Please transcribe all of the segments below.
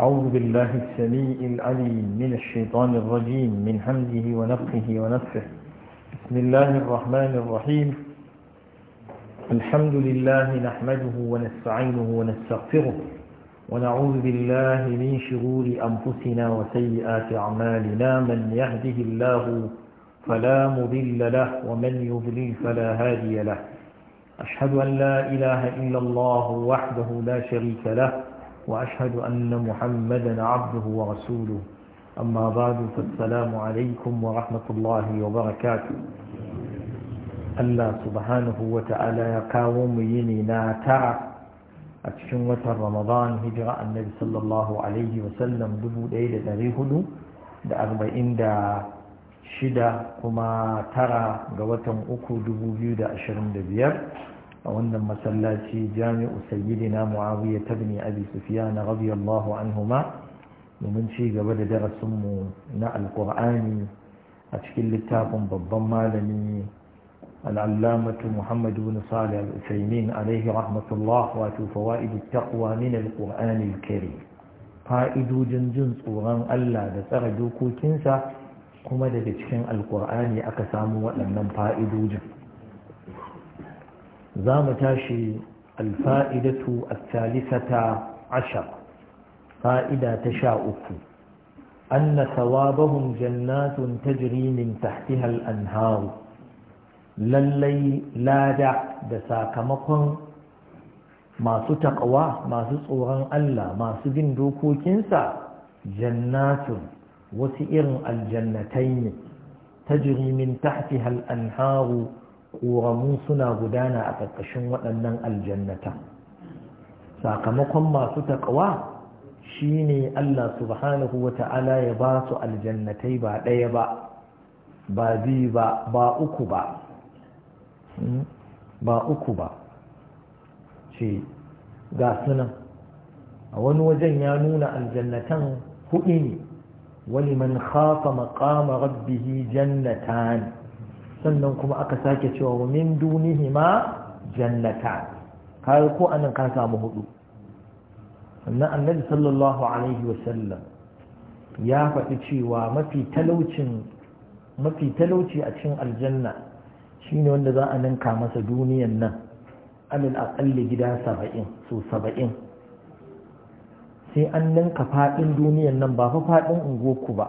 أعوذ بالله السميع العليم من الشيطان الرجيم من همزه ونفخه ونفخه بسم الله الرحمن الرحيم الحمد لله نحمده ونستعينه ونستغفره ونعوذ بالله من شرور أنفسنا وسيئات أعمالنا من يهده الله فلا مضل له ومن يضلل فلا هادي له أشهد أن لا إله إلا الله وحده لا شريك له وأشهد أن محمدا عبده ورسوله أما بعد فالسلام عليكم ورحمة wa barakatu. Allah subhanahu wa ta’ala ya kawo mu yini na tara a cikin watan Ramadan hijira annabi sallallahu Alaihi dubu ɗaya da ɗari hudu da arba'in da shida kuma tara ga watan uku dubu biyu da ashirin da biyar. a wannan masallaci jami'u sayyidina muawiya tabni abi sufyan radiyallahu anhuma domin ci gaba da darasin mu na alqur'ani a cikin littafin babban malami al'allamatu muhammad ibn salih al-usaimin alaihi rahmatullah wato fawaid at-taqwa min al-qur'ani al-karim fa'idojin jin tsoron Allah da tsara dokokinsa kuma daga cikin alkur'ani aka samu waɗannan fa'idojin za mu tashi alfa’idatu a talisata ashar fa’ida ta sha uku Annasawa bahun sawabahun jannatun ta jirinin tahtihal hal anharu. lallai lada da sakamakon masu taƙawa masu tsoron Allah masu bin dokokinsa jannatun wasu irin aljannatai ne ta jirinin tahtihal hal anharu. ƙoramu suna gudana a ƙarƙashin waɗannan aljannata sakamakon masu taƙawa shine Allah subhanahu wa ta'ala ya ba su aljannatai ba ɗaya ba ba biyu ba ba uku ba hmm? ba uku ba ce ga sunan a wani wajen ya nuna aljannatan hudu ne wani man khafa maqama rabbihi jannatan sannan kuma aka sake cewa wa min dunihima jannata kai ko anan ka samu hudu sannan annabi sallallahu alaihi wa sallam. ya faɗi cewa mafi talaucin mafi talauci a cikin aljanna shine wanda za a ninka masa duniyan nan alal aqalli gida saba'in so saba'in sai an ninka faɗin duniyan nan ba fa faɗin unguwarku ba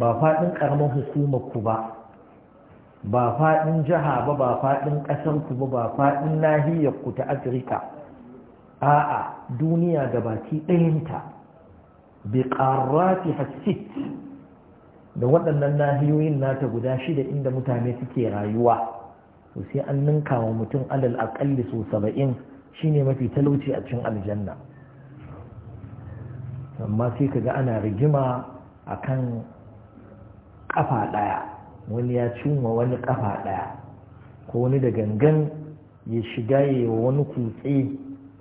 ba faɗin ƙaramin hukumar ku ba ba faɗin jiha ba ba faɗin ƙasarku ba ba faɗin nahiyarku ta afirka a'a duniya da baki ɗayanta bi ƙarrafi hasit da waɗannan nahiyoyin nata guda shida inda mutane suke rayuwa to sai an ninka wa mutum alal aƙalli so saba'in shine mafi talauci a cikin aljanna amma sai ka ga ana rigima akan ƙafa ɗaya wani ya cuma wani kafa ɗaya ko wani da gangan ya shiga ya wani kutse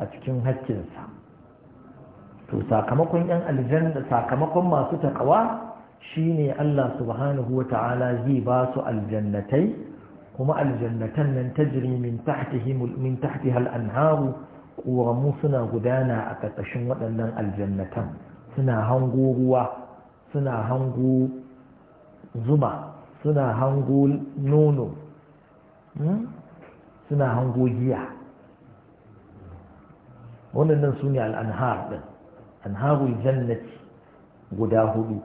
a cikin haƙƙinsa to sakamakon yan aljanna sakamakon masu takawa shine Allah subhanahu wa ta'ala zai ba su aljannatai kuma aljannatan nan tajri min tahtihim min tahtiha anharu ƙoramu suna gudana a ƙarƙashin waɗannan aljannatan suna hango ruwa suna hango zuma suna hango nono hmm? suna hango giya waɗannan su ne al'anhar ɗin anharul jannati guda hudu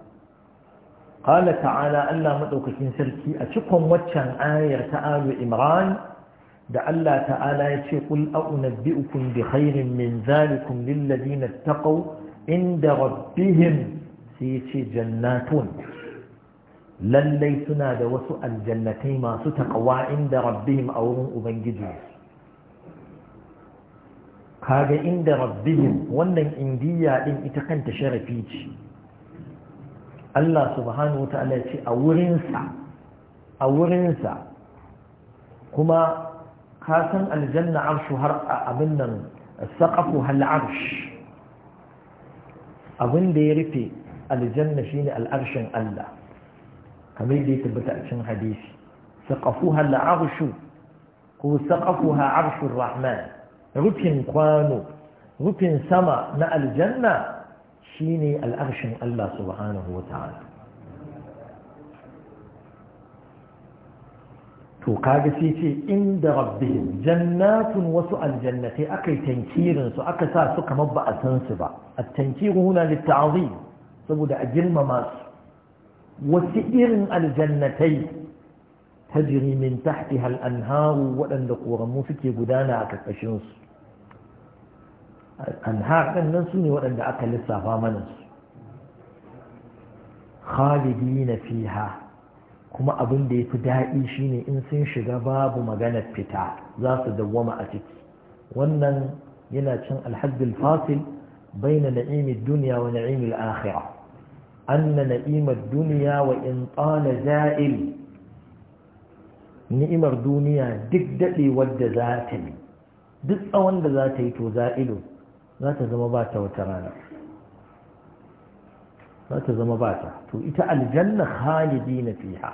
قال تعالى ألا مدوككين سركي أشكم وچان آية تعالى إمران دع الله تعالى يقول أنبئكم بخير من ذلكم للذين اتقوا عند ربهم سيتي جناتون lallai suna da wasu aljannatai masu taƙawa inda rabbihim a wurin ubangiji kaga inda rabbihim wannan indiya din ita kanta sharafi ce Allah subhanahu Ta'ala ya ce a wurinsa a wurinsa kuma ka san aljanna arshu har abin nan saƙafu hal arsh abin da ya rufe aljanna shine al'arshin Allah kamar yadda ya tabbata a cikin hadisi saqafuha al'arshu ko saqafuha arshur rahman rufin kwano rufin sama na aljanna shine al'arshin Allah subhanahu wa ta'ala to kaga sai ce inda rabbihim jannatun wasu aljannatai akai tankirin su aka sa su kamar ba a san su ba at-tankiru huna lit-ta'zim saboda a girmama su wasu irin aljannatai tajri min tahti al-anharu waɗanda koramu suke gudana a ƙarƙashin su anhar ɗin nan su ne waɗanda aka lissafa mana su na fiha kuma abin da ya fi daɗi shine in sun shiga babu maganar fita za su dawwama a ciki wannan yana cin alhaddul fasil baina na'imid duniya wa na'imil akhirah anna na'imar duniya wa in tsana za'il ni'imar duniya duk daɗewar da za ta yi duk tsawon da za ta yi to za'ilu za ta zama ba ta wata rana za ta zama ba ta to ita aljanna khalidi na fiha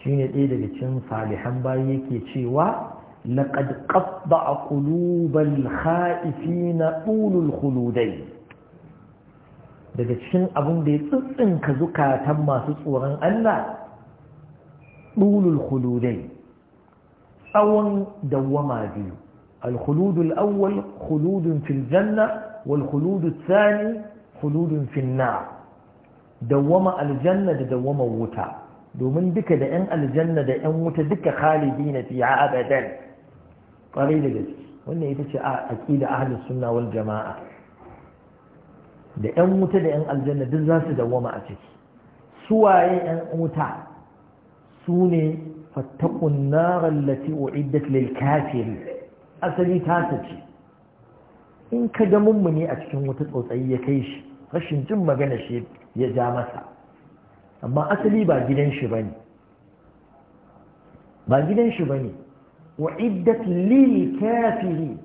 shi ne ɗaya daga cikin salihan bayi yake cewa لقد kulubal قلوب na طول huludai. daga cikin abin da ya tsuntsinka zukatan masu tsoron Allah ɗulul huludai tsawon dawwama biyu alkhuludul awwal huludun fil janna wal huludun tsani khuludun fil na dawwama aljanna da dawwama wuta domin duka da 'yan aljanna da 'yan wuta duka khalidi na a abadan ƙwarai da gaske wannan ita ce a aƙida ahlus suna wal jama'a da 'yan wuta da 'yan aljanna duk za su dawwama a ciki suwaye 'yan wuta su ne fattakun narar lati u'iddat lil kafiri asali tasa ce in ka ga mummuni a cikin wuta, tsotsayi ya kai shi rashin jin magana shi ya ja masa amma asali ba gidan shi bane ba gidan shi bane u'iddat lil kafiri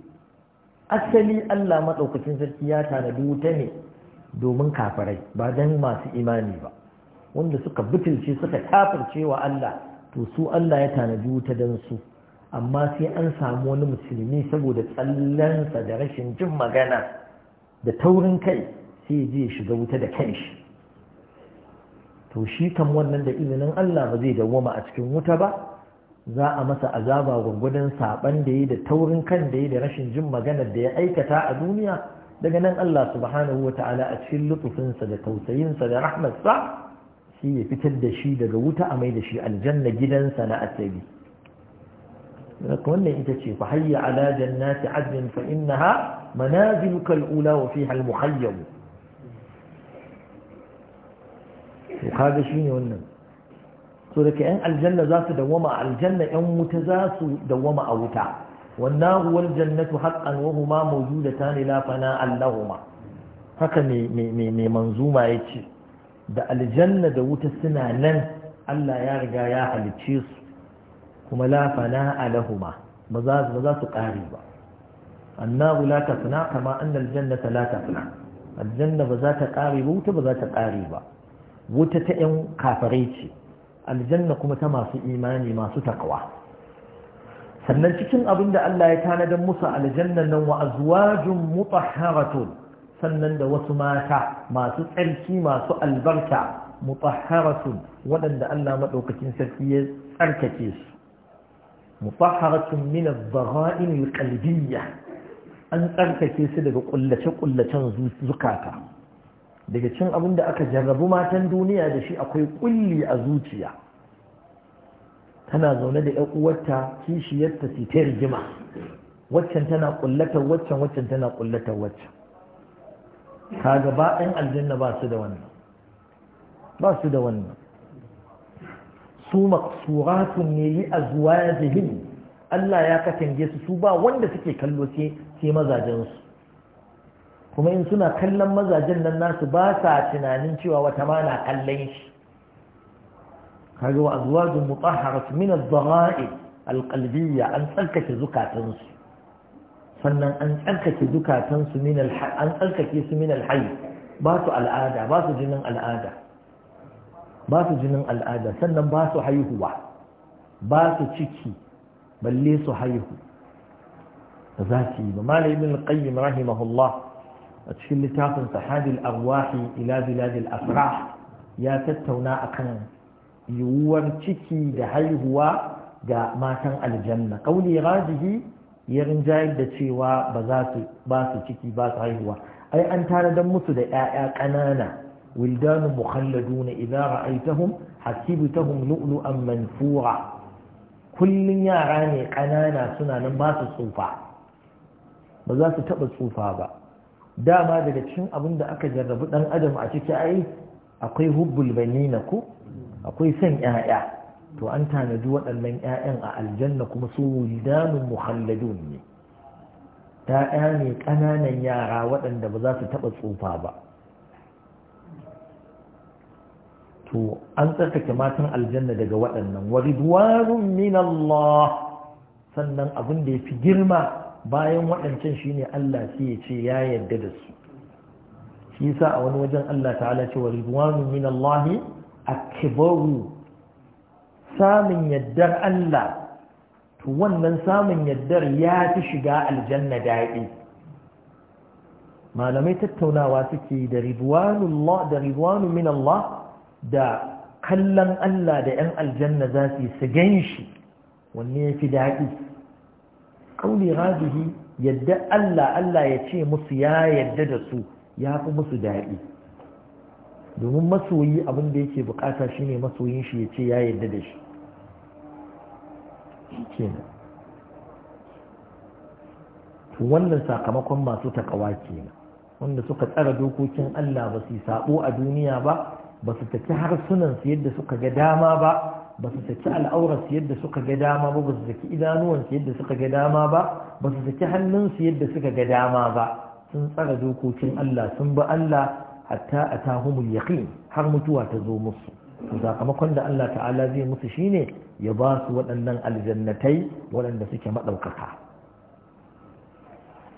asali Allah maɗaukacin sarki ya tanadi wuta ne domin kafarai, ba don masu imani ba wanda suka butulce suka kafirce wa Allah to su Allah ya tanadi wuta don su amma sai an samu wani musulmi saboda tsallansa da rashin jin magana da taurin kai sai je shiga wuta da kai shi. to shi kan wannan da izinin Allah ba zai dawwama a cikin wuta ba za a masa azaba gwangwadon saɓan da yi da taurin kan da yi da rashin jin magana da ya aikata a duniya daga nan Allah subhanahu wa ta'ala a cikin lutufinsa da tausayinsa da rahmatsa shi ya fitar da shi daga wuta a mai da shi aljanna gidansa na asabi wannan ita ce fa hayya ala jannati adn fa innaha manaziluka alula wa fiha almuhayyab to kaga shine wannan so da yan aljanna za su dawama aljanna yan wuta za su dawama a wuta والنار والجنة حقا وهما موجودتان لا فناء لهما haka mai manzuma ya ce da aljanna da wuta suna nan Allah ya riga ya halice su kuma lafana fana alahuma ba za su ƙare ba annahu la suna kama aljanna ta lata suna aljanna ba za ta ƙare ba wuta ba za ta ƙare ba wuta ta 'yan kafarai ce aljanna kuma ta masu imani masu takwa sannan cikin abin da Allah ya tanadar musu aljannan nan wa azwajun mutahharatun sannan da wasu mata masu tsarki masu albarka mutahharatun waɗanda Allah madaukakin sarki ya tsarkake su mutahharatun min adh-dharain al-qalbiyya an tsarkake su daga kullace-kullacen zukata daga cin abin da aka jarrabu matan duniya da shi akwai kulli a zuciya tana zaune da ‘yan uwarta kishiyarta su ta rigima waccan tana kullata waccan waccan tana kullata waccan kaga gaba ɗan aljanna ba su da wannan ba su da wannan su maksuratun ne ya azwajihim Allah ya katange su su ba wanda suke kallo sai mazajensu kuma in suna kallon mazajen nan nasu ba sa tunanin cewa wata ma na kallon shi kaga wa azwajun mutahharat min adh-dhara'i alqalbiyya an tsarkake zukatansu sannan an tsarkake zukatansu min an tsarkake su min alhayy ba su al'ada ba su jinin al'ada ba su jinin al'ada sannan ba su haihuwa ba su ciki balle su haihu ba za su yi ba malamin alƙayyim rahimahullah a cikin littafin sahadil arwahi ila biladil asrah ya tattauna akan yiwuwar ciki da haihuwa ga matan aljanna kauli rajihi ya rinjayar da cewa ba za su ba su ciki ba su haihuwa ai an dan musu da 'ya'ya ƙanana wildanun mukhalladuna idza ra'aytahum hasibtahum lu'lu'an manfura kullun yara ne ƙanana suna nan ba su tsufa ba za su taɓa tsufa ba dama daga cikin abin da aka jarrabu ɗan adam a ciki ai akwai hubbul banina ko akwai son ƴaƴa to an tanadi waɗannan ƴaƴan a aljanna kuma su wildanun muhalladun ne ƴaƴa ne ƙananan yara waɗanda ba za su taɓa tsufa ba to an tsarkake matan aljanna daga waɗannan wa ridwanun min Allah sannan abin da ya fi girma bayan waɗancan shine Allah sai ya ce ya yarda da su shi yasa a wani wajen Allah ta'ala ce wa ridwanun min Allah akibaru samun yaddar Allah to wannan samun yaddar ya fi shiga aljanna daɗi malamai tattaunawa suke da ridwanullah da ridwanu min Allah da kallon Allah da 'yan aljanna za su su gan shi wanne ya fi daɗi ƙauli rajihi yadda Allah Allah ya ce musu ya yadda da su ya fi musu daɗi domin masoyi abin da yake bukata shine masoyin shi ya ce ya yarda da shi to wannan sakamakon masu takawa kenan wanda suka tsara dokokin Allah ba su sabo a duniya ba ba su taki harsunansu yadda suka ga dama ba ba su saki al'aurarsu yadda suka ga dama ba ba su saki idanuwansu yadda suka ga dama ba ba su saki hannunsu yadda suka ga dama ba sun tsara dokokin Allah sun bi Allah hatta atahumul yaqin har mutuwa ta zo musu sakamakon da Allah ta'ala zai musu shine ya ba su waɗannan aljannatai waɗanda suke maɗaukaka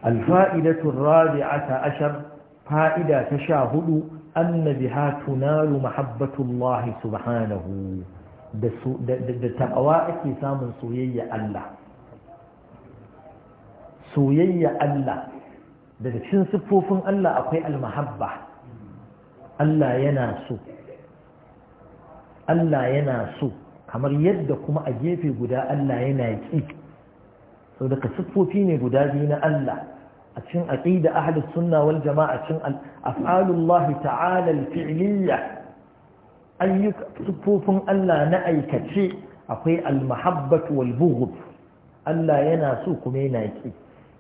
alfa'idatu rabi'ata ashar fa'ida ta sha hudu anna biha tunalu mahabbatullah subhanahu da ta'awa ake samun soyayya Allah soyayya Allah daga cikin siffofin Allah akwai almahabba Allah yana so Allah yana so kamar yadda kuma a gefe guda Allah yana ki, sau daga siffofi ne guda biyu na Allah a cikin aqida ahli sunna wal jama'a cikin af'alullahi ta'ala al-fi'liyya ayyuka siffofin Allah na aikace akwai al-mahabbatu wal bughd Allah yana so kuma yana ƙi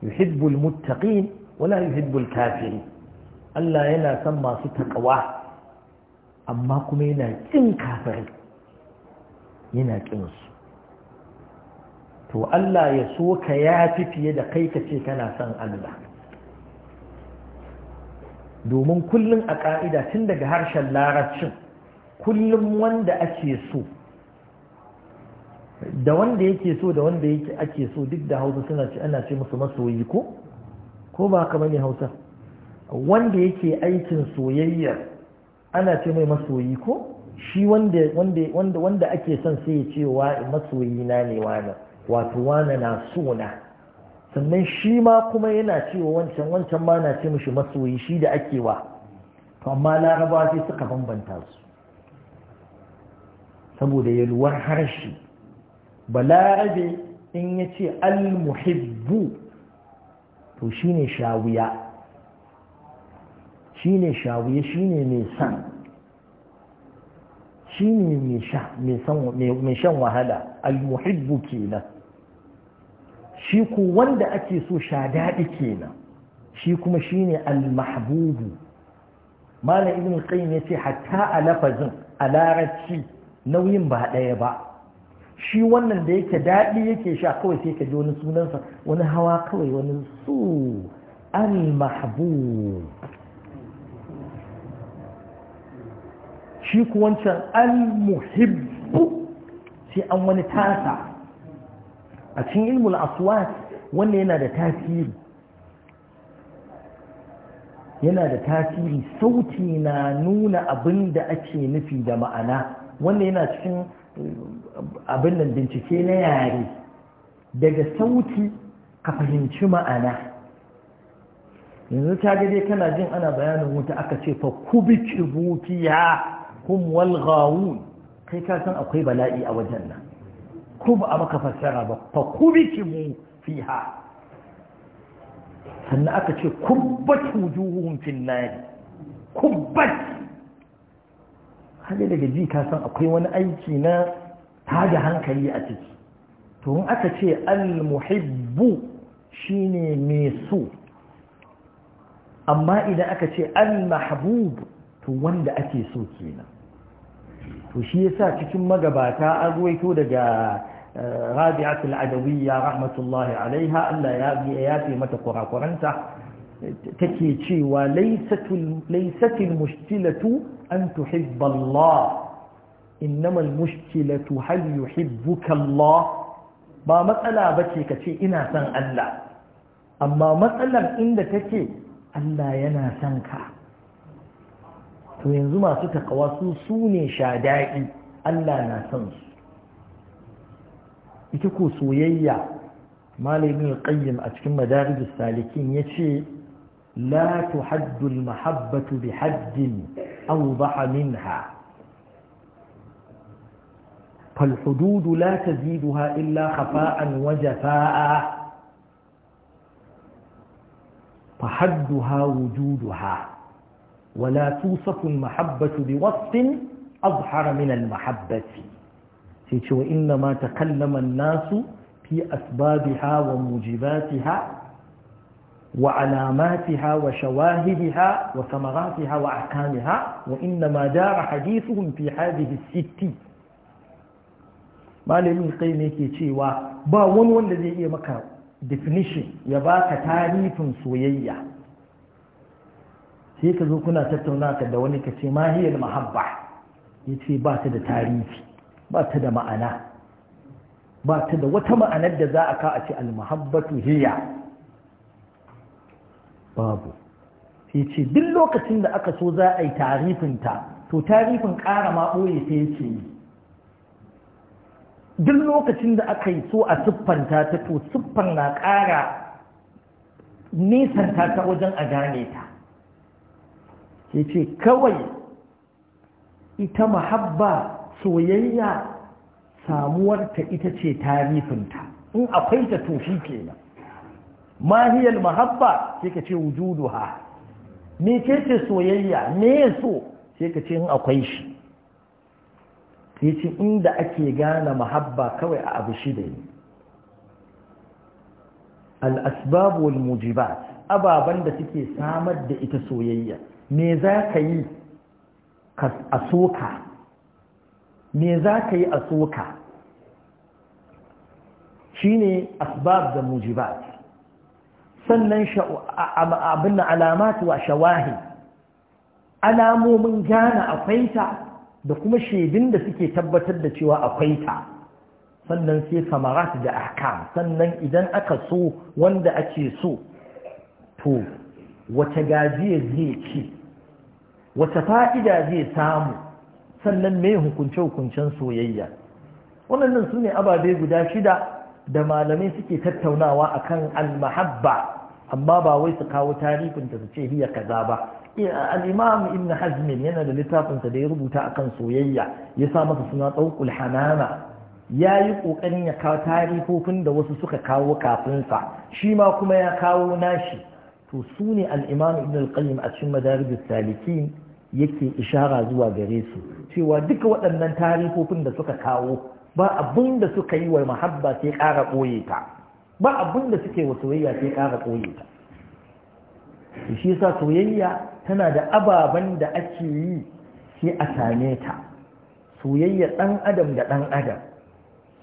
yuhibbul muttaqin wala yuhibbul kafirin Allah yana son masu takawa amma kuma yana ƙin kafirai yana ƙinsu to Allah ya so ka ya fi fiye da kai ka ce kana son Allah domin kullum a ƙa'ida tun daga harshen laracin kullum wanda ake so da wanda yake so da wanda ake so duk da hausa suna ce ana ce musu masoyi ko ko ba kamar ne hausa wanda yake aikin soyayya ana ce mai masoyi ko shi wanda wanda wanda wanda ake son sai ya ce wa masoyi na ne wani wato wani na so na sannan shi ma kuma yana cewa wancan wancan ma na ce mishi masoyi shi da ake wa to amma larabawa sai suka bambanta su saboda yalwar harshe balarabe in ya ce al-muhibbu to shine shawiya shine shawiye ne mai san ne mai shan wahala almuhibbu kenan shi ku wanda ake so sha daɗi kenan shi kuma shi shine almahbubu malam ibn qayyim ce hatta a lafazin a larabci nauyin ba ɗaya ba shi wannan da yake daɗi yake sha kawai sai ka ji wani sunansa wani hawa kawai wani su al shi ku wancan al-muhibbu sai an wani tasa a cikin ilmul aswat wannan yana da tasiri yana da tasiri sauti na nuna abin da ake nufi da ma'ana wannan yana cikin eh, abin nan bincike na yare daga sauti ka fahimci ma'ana yanzu ta gade kana jin ana bayanin wuta aka ce fa kubi kibutiya hum wal ghawun kai ka san akwai bala'i a wajen nan ko ba a maka fassara ba fa kubikimu fiha sannan aka ce kubbat wujuhuhum fin nar kubbat hali daga ji ka san akwai wani aiki na tada hankali a ciki to in aka ce al-muhibbu shine mai so amma idan aka ce al-mahbub to wanda ake so kenan to shi yasa cikin magabata an ruwaito daga eh, rabi'atul adawiyya rahmatullahi alaiha Allah ya fi mata kurakuranta take cewa laysatul laysatul mushkilatu an tuhibba Allah innama al mushkilatu hal yuhibbuka Allah ba matsala bace kace ina son Allah amma matsalar inda take Allah yana son ka to yanzu masu takawa su su ne shada'i Allah na son su ita ko soyayya malamin qayyim a cikin madarijus salikin yace la tuhaddu mahabbatu bi haddin awdaha minha فالحدود لا تزيدها إلا خفاء وجفاء فحدها وجودها ولا توصف المحبة بوصف أظهر من المحبة سيتش وإنما تكلم الناس في أسبابها وموجباتها وعلاماتها وشواهدها وثمراتها وأحكامها وإنما دار حديثهم في هذه الست ما القيم yake cewa ba wani wanda zai iya maka definition ya baka tarihin sai ka zo kuna tattauna ka da wani ka ce mahiyar mahabba ya ce ba ta da tarihi ba ta da ma'ana ba ta da wata ma'anar da za a ka a ce almahabbatu hiya babu sai ce duk lokacin da aka so za a yi tarifinta to tarifin ƙara ma ɓoye sai ce yi duk lokacin da aka yi so a siffanta ta to siffan na ƙara nesanta ta wajen a gane ta ya ce kawai ita mahabba soyayya samuwarta ita ce tarifinta in akwai ta toshi kenan mahiyar mahabba sai ka ce wujudu ha me ce ce soyayya me so sai ka ce in akwai shi sai ce inda ake gane mahabba kawai a abu shida ne al'asbabu wal mujibat ababen da suke samar da ita soyayya me za ka yi a soka me za ka yi a soka shi ne asbab da mujibat sannan abin alamatu wa shawahi alamomin gane akwai ta da kuma shaidun da suke tabbatar da cewa akwai ta sannan sai samarat da ahkam sannan idan aka so wanda ake so to wace gajiyar zai ce wata fa'ida zai samu sannan mai hukunce-hukuncen soyayya waɗannan su ne ababe guda shida da malamai suke tattaunawa a kan almahabba amma ba wai su kawo tarifinta su ce hiya kaza ba eh, al'imam ibn hazmin yana da littafinsa da ya rubuta a kan soyayya ya sa masa suna ɗaukul hanana ya yi ƙoƙarin ya kawo tarifofin da wasu suka kawo kafinsa shi ma kuma ya kawo nashi to su ne al'imam ibn al-qayyim a cikin madaribus salikin yake ishara zuwa gare su cewa duka waɗannan tarihofin da suka kawo ba abin da suka yi wa mahabba sai ƙara ɓoye ta ba abin da suke wa soyayya sai ƙara ɓoye ta shi yasa soyayya tana da ababen da ake yi sai a same ta soyayyar ɗan adam da ɗan adam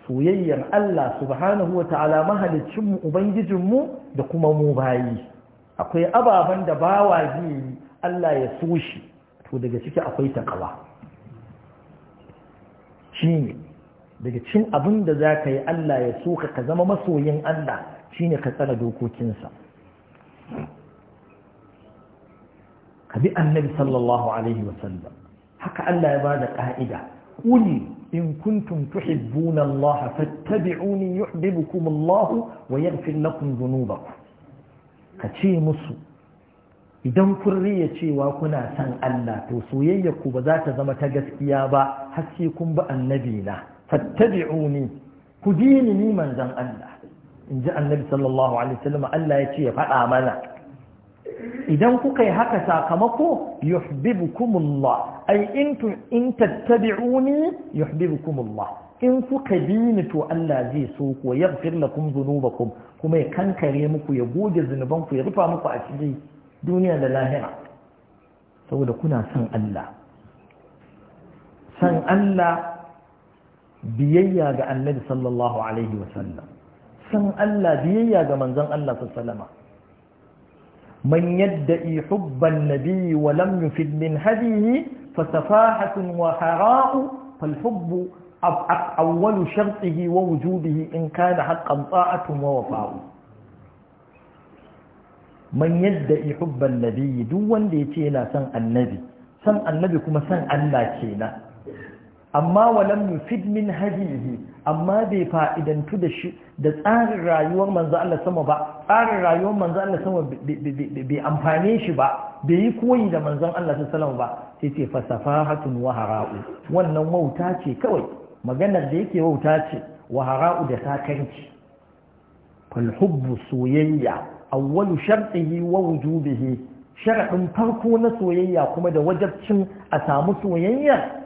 soyayyar Allah subhanahu wa ta'ala mahalicinmu ubangijinmu da kuma mu bayi akwai ababen da bawa zai yi Allah ya so shi to daga ciki akwai takawa shine daga cin abin da za ka yi Allah ya soka ka zama masoyin Allah shine ka tsara dokokinsa ka bi annabi sallallahu alaihi wasallam haka Allah ya bada ka'ida quli in kuntum tuhibbuna Allah fattabi'uni yuhibbukum Allah wa yaghfir lakum dhunubakum ka ce musu idan kun riya cewa kuna san Allah to soyayya ku ba za ta zama ta gaskiya ba har kun bi annabi na fattabi'uni ku dini ni manzon Allah in ji annabi sallallahu alaihi wasallam Allah ya ce ya faɗa mana idan kuka yi haka sakamako yuhibbukumullah ai in in tattabi'uni yuhibbukumullah in kuka dini to Allah zai so ku yaghfir lakum dhunubakum kuma ya kankare muku ya goge ku, ya rufa muku cikin. duniya da lahira saboda kuna son Allah san Allah biyayya ga annabi sallallahu alaihi wasallam san Allah biyayya ga manzon Allah sallama man yadda'i hubban nabiyyi wa lam yufid min hadihi fasafahatun wa hara'u fal hubbu awwalu shartihi wa wujubihi in kana haqqan ta'atun wa wafa'u man yadda ihubban nabiyyi duk wanda ya ce yana son annabi son annabi kuma san Allah kenan amma walam yufid min hadihi amma bai fa'idantu da shi da tsarin rayuwar manzo Allah sama ba tsarin rayuwar manzo Allah sama bai amfane shi ba bai yi koyi da manzon Allah sallallahu ba sai ce fasafahatun wa hara'u wannan wauta ce kawai maganar da yake wauta ce wa hara'u da sakanci fal hubbu soyayya awwalu shartihi wa wujubihi sharadin farko na soyayya kuma da wajen cin a samu soyayyar?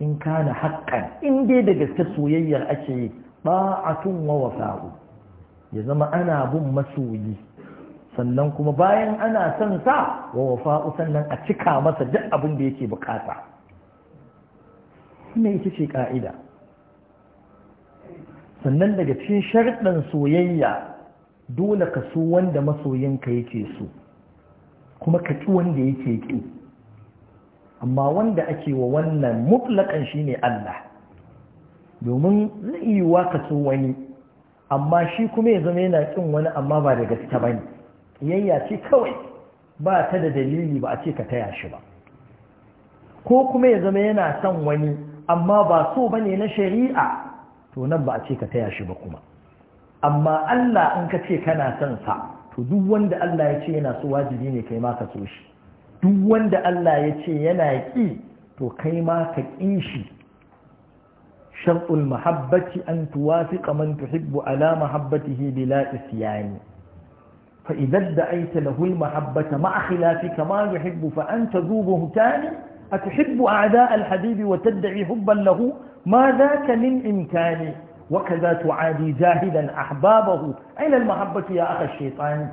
in kana haqqan in dai da gaske soyayyar ake yi ba'atun wa wafa'u ya zama ana bin masoyi sannan kuma bayan ana son sa wa wafa'u sannan a cika masa duk abin da yake buƙata. ne ita ce ka'ida sannan daga cikin sharɗin soyayya dole ka so wanda masoyinka yake so kuma ka ci wanda yake ki. amma wanda ake wa wannan shi shine Allah domin zai yi wa ka so wani amma shi kuma ya zama yana kin wani amma ba da gaske bane ne ce kawai ba ta da dalili ba a ce ka taya shi ba ko kuma ya zama yana son wani amma ba so bane na shari'a to nan ba a ce ka taya shi ba kuma amma Allah in ka ce kana son sa to duk wanda Allah ya ce yana so wajibi ne kai ma ka so shi duk wanda Allah ya ce yana ki to kai ma ka kin shi shar'ul mahabbati an tuwafiqa man tuhibbu ala mahabbatihi bila isyani fa idza da'aita lahu al mahabbata ma'a khilafika ma yuhibbu fa anta dhu buhtani atuhibbu a'da al habibi wa tad'i hubban lahu ma dhaka min imkani وكذا تعادي جاهدا أحبابه أين المحبة يا أخ الشيطان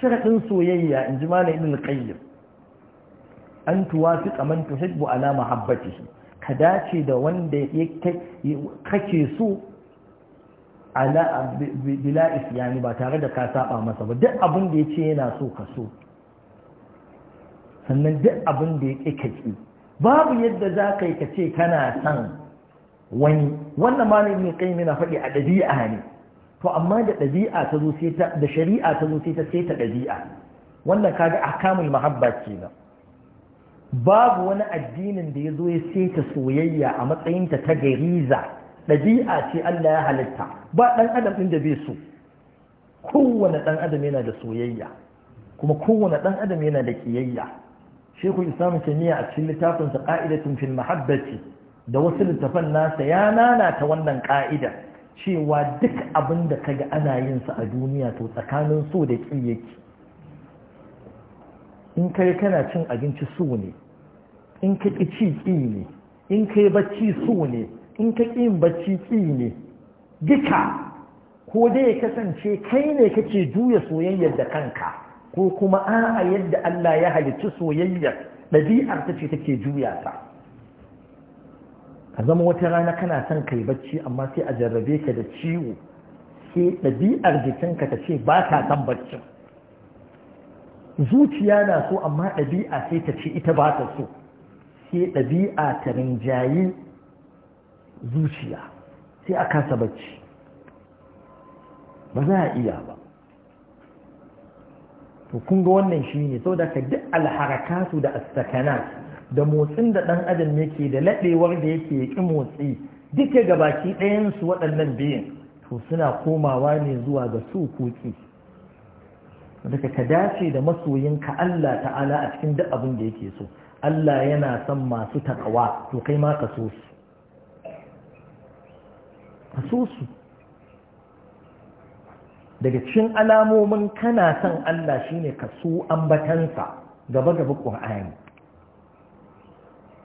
شرط سويا إن جمال ابن القيم أن توافق من تحب على محبته كداتي دا وند كيسو على بلا يعني با tare da ka saba masa ba duk abin da yace yana so ka so sannan duk abin da yake kake babu yadda za ka yi ka ce kana san wani wannan malamin kai mina faɗi a ɗabi'a ne to amma da ɗabi'a ta zo sai ta da shari'a ta zo sai ta sai ta ɗabi'a wannan kaga ahkamul mahabba kenan babu wani addinin da ya zo ya saita soyayya a matsayinta ta gariza ɗabi'a ce Allah ya halitta ba ɗan adam ɗin da bai so kowane ɗan adam yana da soyayya kuma kowane ɗan adam yana da ƙiyayya shekul islamun kimiyya a cikin littafinsa ƙa'idatun fil mahabbati da wasu littafan nasa ya nanata wannan ka'ida cewa duk abin da ka ga ana yin sa a duniya to tsakanin so da ƙi yake in kai kana cin abinci so ne in ka ƙi ci ƙi ne in kai bacci so ne in ka ƙi yin bacci ƙi ne duka ko dai ya kasance kai ne kake juya soyayyar da kanka ko kuma a'a yadda Allah ya halicci soyayyar ɗabi'ar ta ce take juya ta ka zama wata rana kana son ka yi bacci amma sai a jarrabe ka da ciwo sai ɗabi'ar jikinka ta ce ba ta son baccin zuciya na so amma ɗabi'a sai ta ce ita ba ta so sai ɗabi'a ta rinjayi zuciya sai a kasa bacci ba za a iya ba to kun ga wannan shi ne sau ka duk alharakatu da astakana da motsin da ɗan adam yake da laɗewar da yake ƙi motsi duka gabaki ɗayansu waɗannan biyan to suna komawa ne zuwa ga su kuki daga ka dace da masoyinka Allah ta'ala a cikin duk abin da yake so Allah yana son masu takawa to kai ma ka so su ka so su daga cikin alamomin kana son Allah shine ka so ambatansa gaba gaba ƙur'ani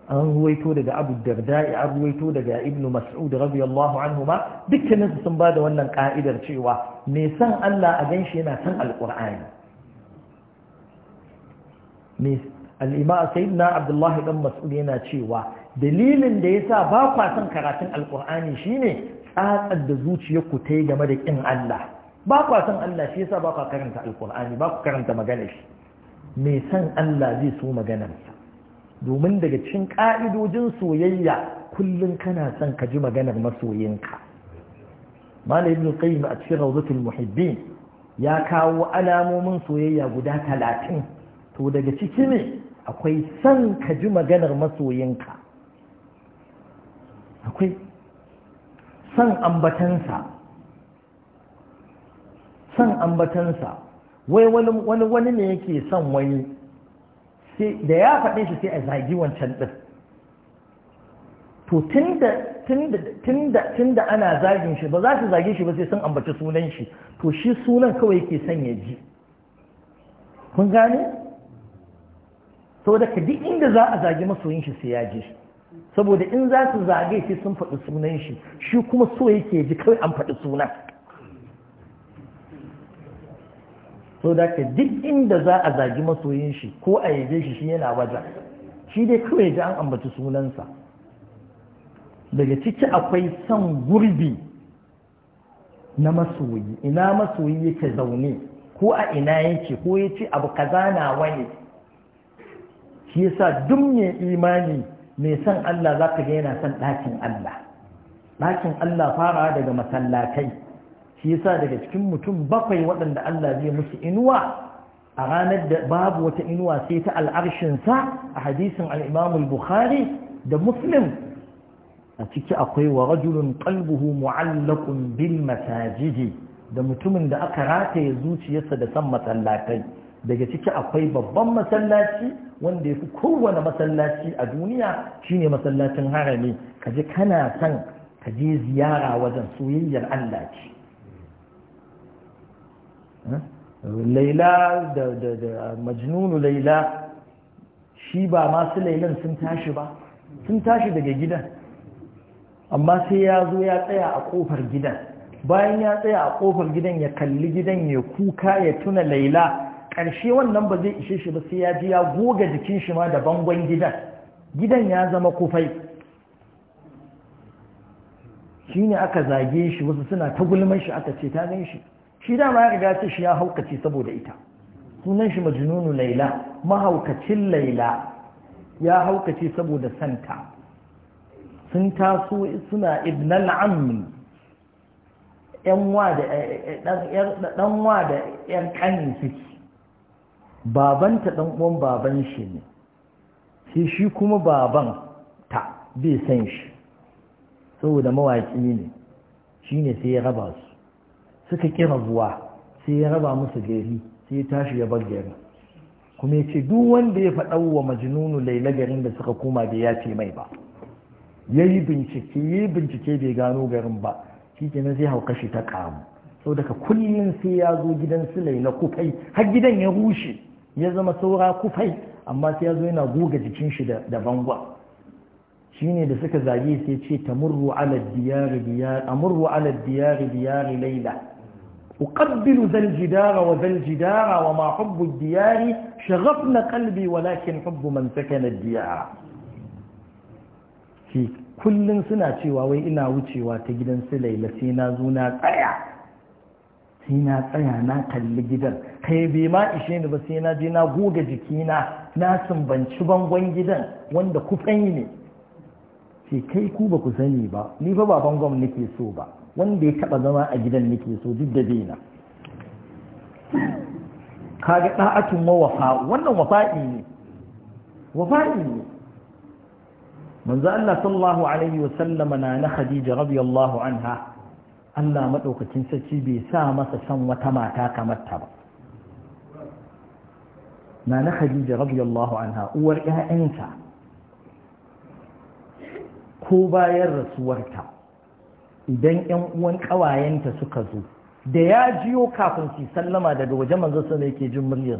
an ruwaito daga abu darda'i an ruwaito daga ibn mas'ud radiyallahu anhu ma dukkanin su sun ba da wannan ka'idar cewa me san Allah a ganshi yana san alqur'ani me al-imam sayyidina abdullahi dan mas'ud yana cewa dalilin da yasa ba kwa san karatun alqur'ani shine tsatsar da zuciyarku ta yi game da kin Allah ba kwa san Allah shi yasa ba kwa karanta alqur'ani ba ku karanta maganar shi me san Allah zai so maganar domin daga cikin ƙa'idojin soyayya kullum kana son ka ji maganar masoyinka malam ibn qayyim a cikin rawdatul muhibbin ya kawo alamomin soyayya guda talatin to daga ciki ne akwai son ka ji maganar masoyinka akwai son ambatansa san ambatansa wai wani ne yake son wani da ya faɗe shi sai a zagi wancan ɗin to tun da ana zagin shi ba za su zage shi ba sai sun ambaci sunan shi to shi sunan kawai ke son ya ji kun gane saboda ka duk inda za a zagi masoyin shi sai ya ji saboda in za su zage shi sun faɗi sunan shi shi kuma so yake ji kawai an faɗi sunan so da ka duk inda za a zagi masoyin shi ko a yabe shi shi yana wajen shi dai kawai ji an ambaci sunansa daga ciki akwai son gurbi na masoyi ina masoyi yake zaune ko a ina yake ko ya ce abu kaza na wani shi yasa duk mai imani mai son Allah za ka ga yana son ɗakin Allah ɗakin Allah fara daga masallatai shi yasa daga cikin mutum bakwai waɗanda Allah zai musu inuwa a ranar da babu wata inuwa sai ta sa a hadisin al'imamul bukhari da muslim a ciki akwai wa rajulun qalbuhu mu'allaqun bil masajidi da mutumin da aka rataye zuciyarsa da san masallatai daga ciki akwai babban masallaci wanda yafi kowane masallaci a duniya shine masallacin harami kaje kana san kaje ziyara wajen soyayyar Allah ce laila da majnunu laila shi ba masu lailan sun tashi ba sun tashi daga gidan amma sai ya zo ya tsaya a kofar gidan bayan ya tsaya a kofar gidan ya kalli gidan ya kuka ya tuna laila ƙarshe wannan ba zai ishe shi ba sai ya ji ya goga jikin shi ma da bangon gidan gidan ya zama kufai shi ne aka zage shi wasu suna ta gulman shi aka ce ta gan shi shi dama ya riga ce shi ya haukace saboda ita sunan shi majnunu laila mahaukacin laila ya haukace saboda santa sun taso suna ibnan ammi ɗan wa da dan wa yan kanin suke babanta ɗan uwan baban shi ne sai shi kuma baban ta bai san shi saboda mawaki ne shine sai ya raba su suka kira zuwa sai ya raba musu gari sai ya tashi ya bar gari kuma ya ce duk wanda ya faɗa wa majnunu laila garin da suka koma da ya ce mai ba ya yi bincike ya yi bincike bai gano garin ba shi nan zai hau kashi ta kamu sau daga kullum sai ya zo gidan su laila kufai har gidan ya rushe ya zama saura kufai amma sai ya zo yana goga jikin shi da bangwa shine da suka zage sai ce tamurru ala diyari diyari amurru ala diyari diyari laila أقبل ذا الجدار وذا الجدار وما حب الديار شغفنا قلبي ولكن حب من سكن الديار في كل سنة شوى وإنا وشوى تجدن سليلة سينا زونا قيا سينا قيا ناقل لجدر kai bai ma ishe ni ba sai na je na goga jikina na sumbanci bangon gidan wanda kufan ne sai kai ku ba ku sani ba ni ba ba bangon nake so ba wanda ya taba zama a gidan nake so duk da daina kaga da'atun wa wafa wannan wafa'i ne wafa'i ne manzo Allah sallallahu alaihi wa sallama na na Khadija radiyallahu anha Allah madaukakin sarki bai sa masa san wata mata kamar ta ba na na Khadija radiyallahu anha uwar ƴaƴanta ko bayan rasuwarta idan yan uwan ƙawayenta suka zo da ya jiyo kafin su sallama daga waje manzo sun yake jin muryar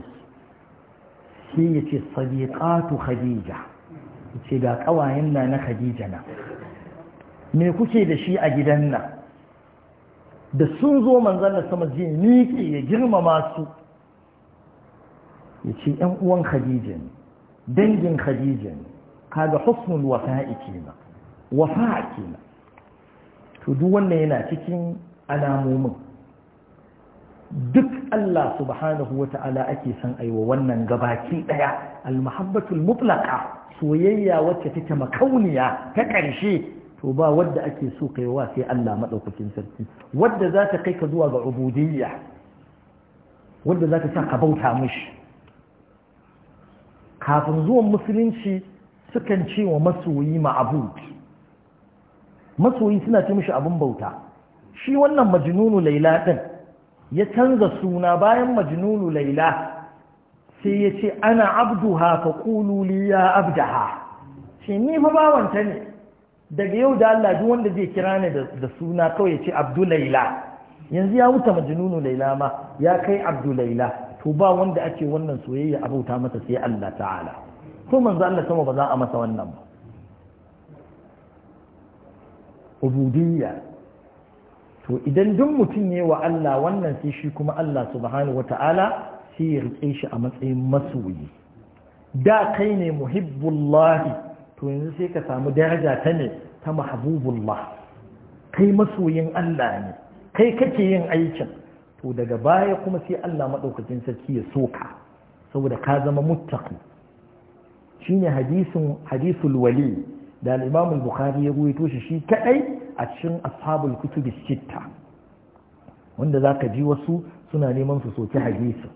sai ya ce sadiqatu khadija ce ga kawayen na na khadija na me kuke da shi a gidan nan da sun zo manzon da sama ji ke ya girmama su yace ce ‘yan uwan Khadija ne, dangin Khadija ne, kaga husnul wafa'i kina wafa'i kina to duk wannan yana cikin alamomin duk Allah subhanahu wa ta'ala ake son aiwa wannan gabaki ɗaya, almuhabbatul mutlaka soyayya wacce take makauniya ta ƙarshe to ba wadda ake so kaiwa sai Allah madaukakin sarki wadda za ta kai ka zuwa ga ubudiyya wadda za ta sa ka bauta mishi kafin zuwan musulunci sukan ce wa masoyi ma'abud masoyi suna ce mishi abin bauta shi wannan majnunu laila din ya canza suna bayan majnunu laila sai ya ce ana abduha ka qulu ya abdaha ce ni fa bawanta ne daga yau da Allah duk wanda zai kira ni da suna kawai ya ce abdu laila yanzu ya wuta majnunu laila ma ya kai abdu laila to ba wanda ake wannan soyayya abauta masa sai Allah ta'ala to manzo Allah sama ba za a masa wannan ba ubudiyya to idan duk mutum ne wa Allah wannan sai shi kuma Allah subhanahu wata'ala sai ya rike shi a matsayin masoyi da kai ne muhibbullah to yanzu sai ka samu daraja ta ne ta mahbubullah kai masoyin Allah ne kai kake yin aikin to daga baya kuma sai Allah madaukakin sarki ya soka saboda ka zama muttaqi shine hadisin hadisul wali da al bukhari ya ruwaito shi shi kadai a cikin ashabul kutub sitta wanda zaka ji wasu suna neman su soki hadisi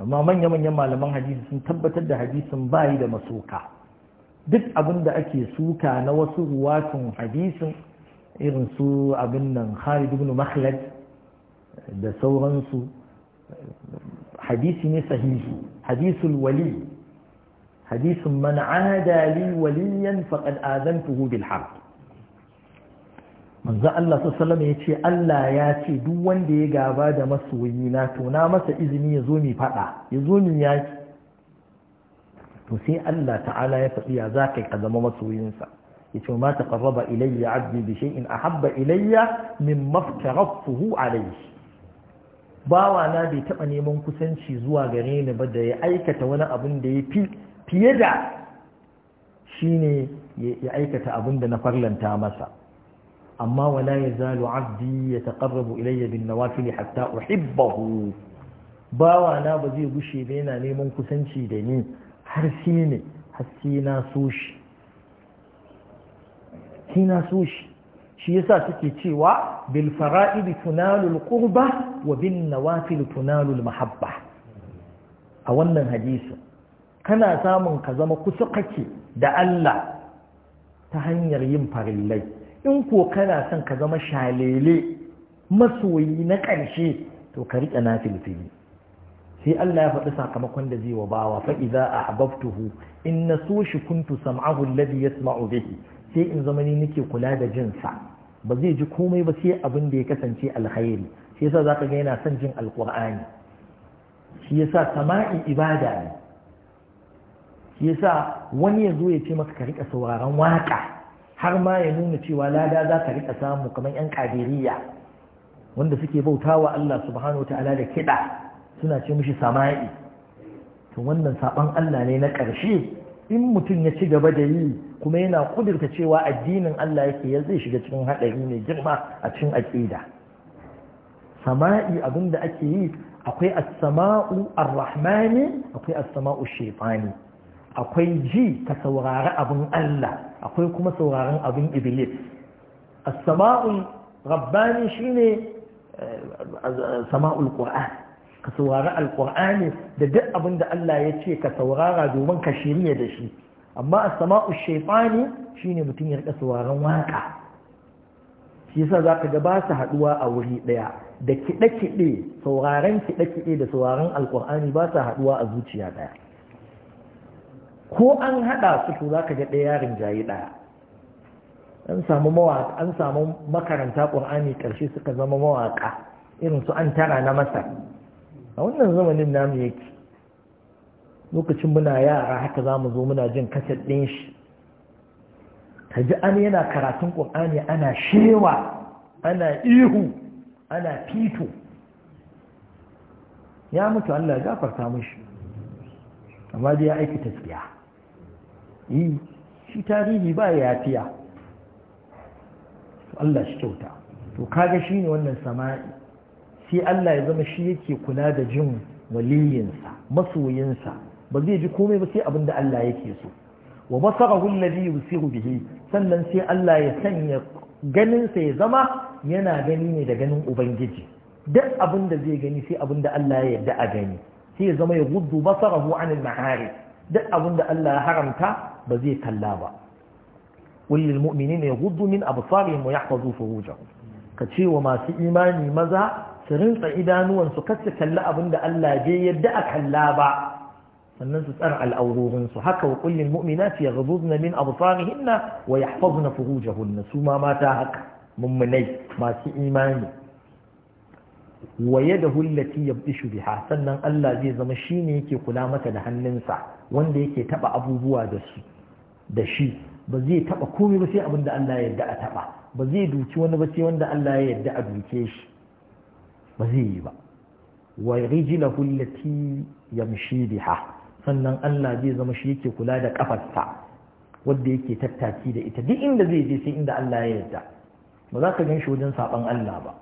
amma manya manyan malaman hadisi sun tabbatar da hadisin bayi da masoka duk abin da ake suka na wasu ruwatun hadisin irin su abin nan Khalid ibn Makhlad da sauransu hadisi ne sahihi hadisul wali hadisin man ada li waliyan faqad azantuhu bil harb manzo Allah sallallahu ya ce Allah ya ce duk wanda ya gaba da masoyi na to na masa izini ya zo mi fada ya zo mi yaki to sai Allah ta'ala ya faɗi ya zaka ka zama masoyinsa yace ma taqarraba ilayya 'abdi bi shay'in ahabba ilayya mimma aftaratuhu alayhi bawa na bai taɓa neman kusanci zuwa gare ni ba da ya aikata wani abin da ya fi fiye da shine ya aikata abin da na farlanta masa amma wala yazalu abdi ya ilayya bin nawafil hatta uhibbahu bawa na ba zai gushe ba yana neman kusanci da ni har sai ne na so shi na so shi shi yasa suke cewa bil fara'id tunalul qurba wa bin nawafil tunalul mahabba a wannan hadisin kana samun ka zama kusa kake da Allah ta hanyar yin farillai in ko kana son ka zama shalele masoyi na ƙarshe to ka riƙe na filfili sai Allah ya faɗi sakamakon da zai wa bawa fa idza ahbabtuhu in naso shi kuntu sam'ahu alladhi yasma'u bihi sai in zama ni nake kula da jin sa ba zai ji komai ba sai abin da ya kasance alkhairi sai yasa zaka ga yana son jin alqur'ani shi yasa sama'i ibada ne yasa wani ya zo ya ce maka ka rika sauraron waka har ma ya nuna cewa lada za ka rika samu kamar yan kadiriya wanda suke bautawa Allah subhanahu wa ta'ala da kiɗa suna ce mishi sama'i to wannan saban Allah ne na ƙarshe in mutum ya ci gaba da yi kuma yana kudurta cewa addinin Allah yake ya zai shiga cikin haɗari mai girma a cikin aƙida sama'i abinda ake yi akwai as-sama'u ar-rahmani akwai as-sama'u shaytani akwai ji ka saurari abin Allah akwai kuma sauraron abin iblis as-sama'ul rabbani shine eh, sama'ul qur'an ka saurari alqur'ani da duk abin da Allah ya ce ka saurara domin ka shirya da shi amma as-sama'ul shaytani shine mutum ya rika sauraron waka shi yasa zaka ga ba su haduwa a wuri daya da kiɗe-kiɗe sauraron kiɗe-kiɗe da sauraron alqur'ani ba su haduwa a zuciya daya ko an haɗa su to za ka ga ɗaya yarin jayi ɗaya an samu mawaƙa an samu makaranta ƙur'ani ƙarshe suka zama mawaƙa irin su an tara na masar a wannan zamanin namu yake lokacin muna yara haka za mu zo muna jin kasar ɗin shi ka ji an yana karatun ƙur'ani ana shewa ana ihu ana fito ya mutu Allah ya gafarta mushi amma dai ya aiki tafiya yi eh, shi tarihi ba ya yafiya Allah shi kyauta to kaga shi ne wannan sama'i sai Allah ya zama shi yake kula da jin waliyinsa masoyinsa ba zai ji komai ba sai abin da Allah yake so wa basarahu alladhi yusiru bihi sannan sai Allah ya sanya ganinsa ya zama yana gani ne da ganin ubangiji duk abin da zai gani sai abin da Allah ya yarda a gani sai ya zama ya guddu basarahu anil ma'arif duk abin da Allah ya haramta ba zai kalla ba wulil ya gudu min absarihim wa yahfazu furujahum ka ce wa masu imani maza su rinsa idanuwansu su su kalli abin da Allah bai yadda a kalla ba sannan su tsara al'aurorinsu haka wa kullin mu'minati yaghdudna min absarihinna wa yahfazna furujahunna su ma mata haka mummunai masu imani wa yadahu ya bishu biha sannan Allah zai zama shine yake kula mata da hannunsa wanda yake taba abubuwa da su da shi ba zai taba komai ba sai abin da Allah ya yarda a taba ba zai duki wani ba sai wanda Allah ya yarda a duke shi ba zai yi ba wa rijlahu allati yamshi biha sannan Allah zai zama shi yake kula da kafarsa wanda yake tattaki da ita duk inda zai je sai inda Allah ya yarda ba za ka gan shi wajen saban Allah ba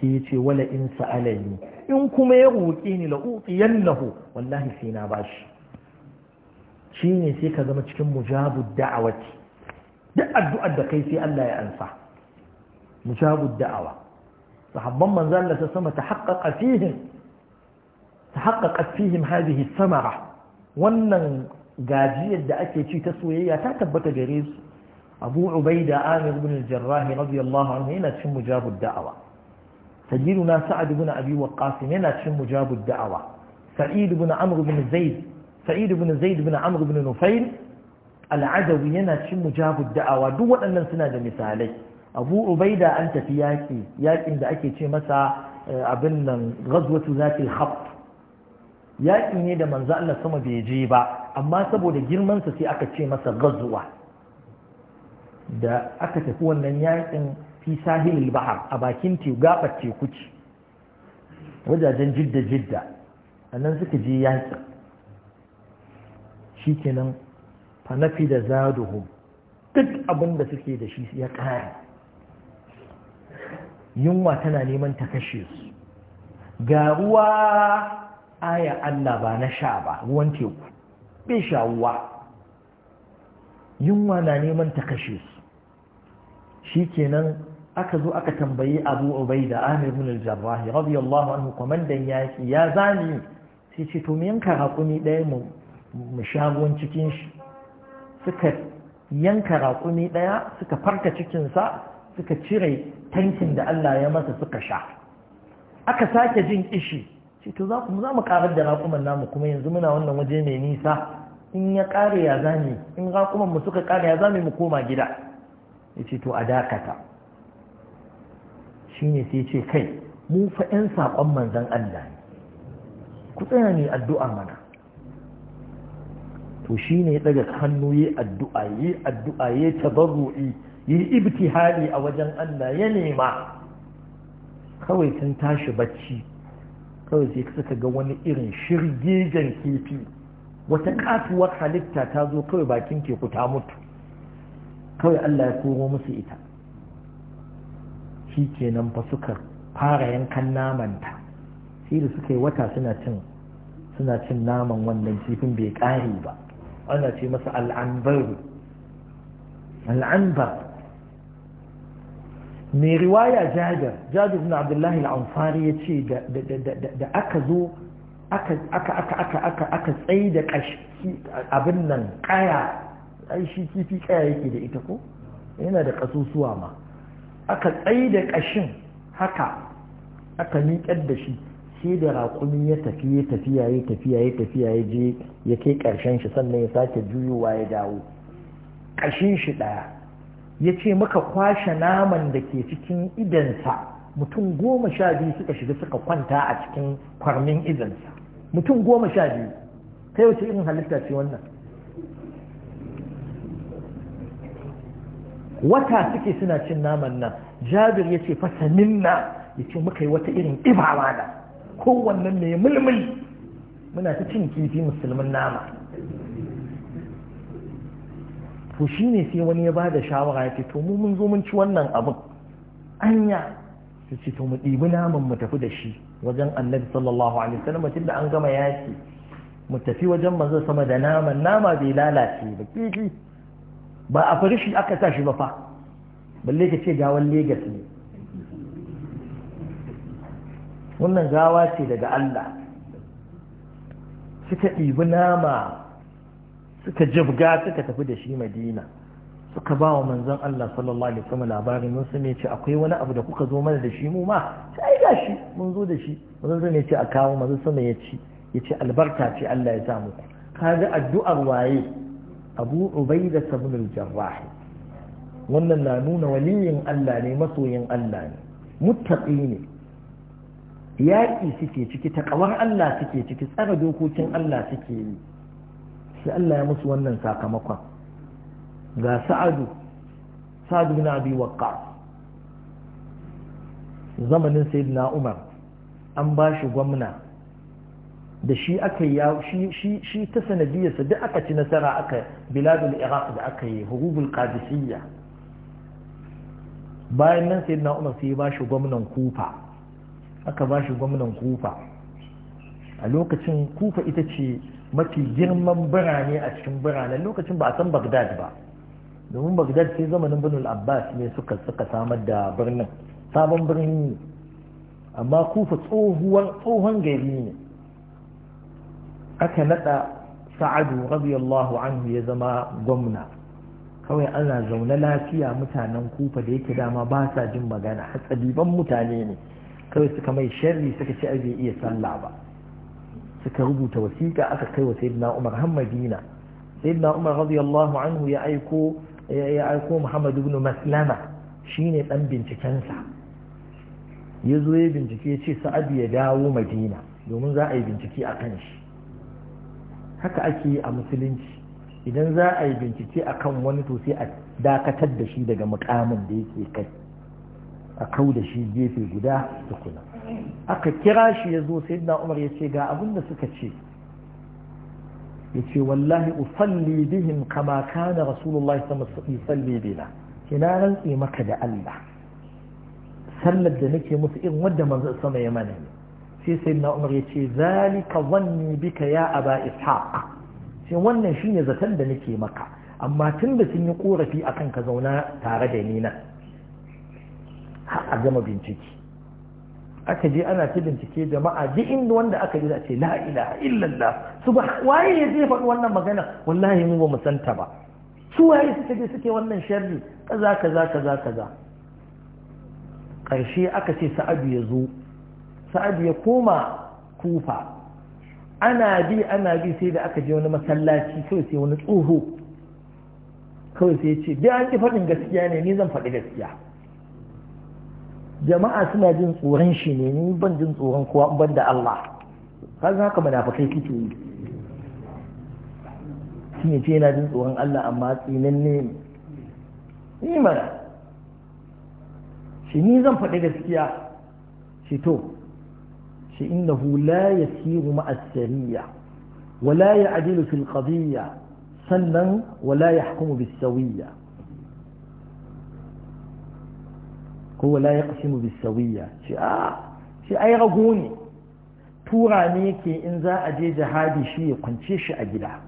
sai ya ce wala in sa'alani in kuma ya roƙe ni la uqiyannahu wallahi sai na bashi shine sai ka zama cikin mujabu da'awati duk addu'ar da kai sai Allah ya ansa mujabud da'awa sahabban manzo Allah ta sama tahaqqaqa fihim tahaqqaqat fihim hadhihi samara wannan gajiyar da ake ci ta soyayya ta tabbata gare su Abu Ubaida Amir ibn al-Jarrah radiyallahu anhu yana cikin mujabu da'awa سيدنا سعد بن أبي وقاص ينشم مجاب الدعوة سعيد بن عمرو بن زيد سعيد بن زيد بن عمرو بن نفيل العدوي ينشم مجاب الدعوة دو أن سنة مثالي أبو عبيدة أنت في ياكي ياكي إن دعكي شيء مسا أبن غزوة ذات الخط yaƙi ne da manzo Allah sama bai je ba amma saboda girmansa sai aka ce masa gazuwa da aka tafi wannan yaƙin fi sahilil bahar a bakin teku gabar teku ce wajajen jidda jidda a nan suka je yaƙi shi kenan fanafi da zaduhum duk abin da suke da shi ya kare. yunwa tana neman ta kashe su ga ruwa aya Allah ba na sha ba ruwan teku bai sha ruwa yunwa na neman ta kashe su shi kenan aka zo aka tambayi abu ubaida amir ibn al-jarrah radiyallahu anhu komandan yaki ya zani sai ce to mu yanka raƙumi ɗaya mu shagon cikin shi suka yanka raƙumi ɗaya suka farka cikinsa suka cire tankin da Allah ya masa suka sha aka sake jin kishi ce to za mu za mu karar da raƙuman namu kuma yanzu muna wannan waje mai nisa in ya ƙare ya zame in raƙuman mu suka ƙare ya zame mu koma gida ya ce to a dakata Shi ne sai ce kai mu fa 'yan saƙon manzan Allah ne ku tsaya ne addu'a mana to shi ne ya daga hannu yi addu'a yi addu'a ya tabarru'i yi ibtihali a wajen Allah ya nema kawai sun tashi bacci kawai sai suka ga wani irin shirgejen kifi wata katuwar halitta ta zo kawai bakin keku ta mutu kawai Allah ya koro musu ita shi kenan fa suka fara yankan naman ta. shi da suka yi wata suna cin suna cin naman wannan kifin bai kare ba ana ce masa al'anbaru al'anbar mai riwaya jabir jabir na abdullahi al'amfari ya ce da aka zo aka tsaye da abin nan kaya ai shi kifi ƙaya yake da ita ko yana da ƙasusuwa ma aka tsaye da ƙashin haka aka miƙar da shi sai da raƙumi ya tafi ya tafi ya tafi ya tafi ya je ya kai ƙarshen shi sannan ya sake juyowa ya dawo ƙashin shi ɗaya ya ce maka kwashe naman da ke cikin idansa mutum goma sha biyu suka shiga suka kwanta a cikin kwarmin idansa mutum goma sha biyu kai wace irin halitta ce wannan wata suke suna cin naman nan jabir ya ce fasanin na ya ce muka yi wata irin ibawa da kowannan mai mulmul muna ta cin kifi musulmin nama to shi ne sai wani ya ba da shawara ya ce to mu mun zo mun ci wannan abin anya su ce to mu ɗibi naman mu tafi da shi wajen annabi sallallahu alaihi wasallam an gama yaki mu tafi wajen manzo sama da naman nama bai lalace ba kifi ba a shi aka sa shi ba fa balle ka ce gawan Legas ne wannan gawa ce daga Allah suka ɗibi nama suka jibga suka tafi da shi madina suka ba wa manzon Allah sallallahu alaihi wasallam labarin mun sun ce akwai wani abu da kuka zo mana da shi mu ma sai ga shi mun zo da shi mun zo ne ce a kawo manzon sama ya ci ya ce albarka ce Allah ya sa muku kaga addu'ar waye abu ubaida sabunul jarrah wannan na nuna waliyin Allah ne masoyin Allah ne muttaqi ne yaƙi suke ciki taƙawar Allah suke ciki tsara dokokin Allah suke yi sai Allah ya musu wannan sakamakon ga sa'adu sa'adu bin abi waqqa zamanin sayyidina Umar an ba shi gwamna da shi aka yi shi shi ta sanadiyarsa duk aka ci nasara aka biladul iraq da aka yi hurubul qadisiyya bayan nan sai na umar sai ba shi gwamnan kufa aka ba shi gwamnan kufa a lokacin kufa ita ce mafi girman birane a cikin birane. lokacin ba a san bagdad ba domin bagdad sai zamanin binul abbas ne suka suka samar da birnin sabon birni amma kufa tsohuwar tsohon gari ne aka nada sa'adu radiyallahu anhu ya zama gwamna kawai ana zaune lafiya mutanen kufa da yake dama ba sa jin magana hatsabiban mutane ne kawai suka mai sharri suka ce ai bai iya sallah ba suka rubuta wasiƙa aka kai wa sayyidina Umar har Madina sayyidina Umar radiyallahu anhu ya aiko ya aiko Muhammad ibn Maslama shine dan binciken sa yazo ya bincike ya ce Sa'ad ya dawo Madina domin za a yi bincike a kan shi haka ake yi a musulunci idan za a yi bincike a kan wani to sai a dakatar da shi daga mukamin da yake kai a kau da shi gefe guda tukuna aka kira shi ya zo sai na umar ya ce ga abin da suka ce ya ce wallahi usalli bihim kama kana rasulullahi salli bina Ina rantse maka da Allah sallar da nake musu irin wadda manzo sama ya mana ne sai sai na umar ya ce zalika zanni bika ya aba ishaq sai wannan shine zaton da nake maka amma tun da sun yi korafi akan ka zauna tare da ni nan har a gama bincike aka je ana ta bincike jama'a duk inda wanda aka ji ce la ilaha illallah subhan waye ya je faɗi wannan magana wallahi mu ba mu san ta ba su waye suka je suke wannan sharri kaza kaza kaza kaza karshe aka ce sa'adu ya zo sa'ad ya koma kufa ana bi ana bi sai da aka je wani masallaci kawai sai wani tsoho kawai sai ce da an ki faɗin gaskiya ne ni zan faɗi gaskiya jama'a suna jin tsoron shi ne ni ban jin tsoron kowa ban da Allah kaga haka munafikai kike yi shi ne ce yana jin tsoron Allah amma tsinan ne ni mana shi ni zan faɗi gaskiya shi to ce inna hula ya siru ma'asariya wala ya adilu fil qadiyya sannan wala ya hukumu bis ko wala ya kasimu bis sawiyya ai rago ne tura ne yake in za a je Hadi shi ya kwance shi a gida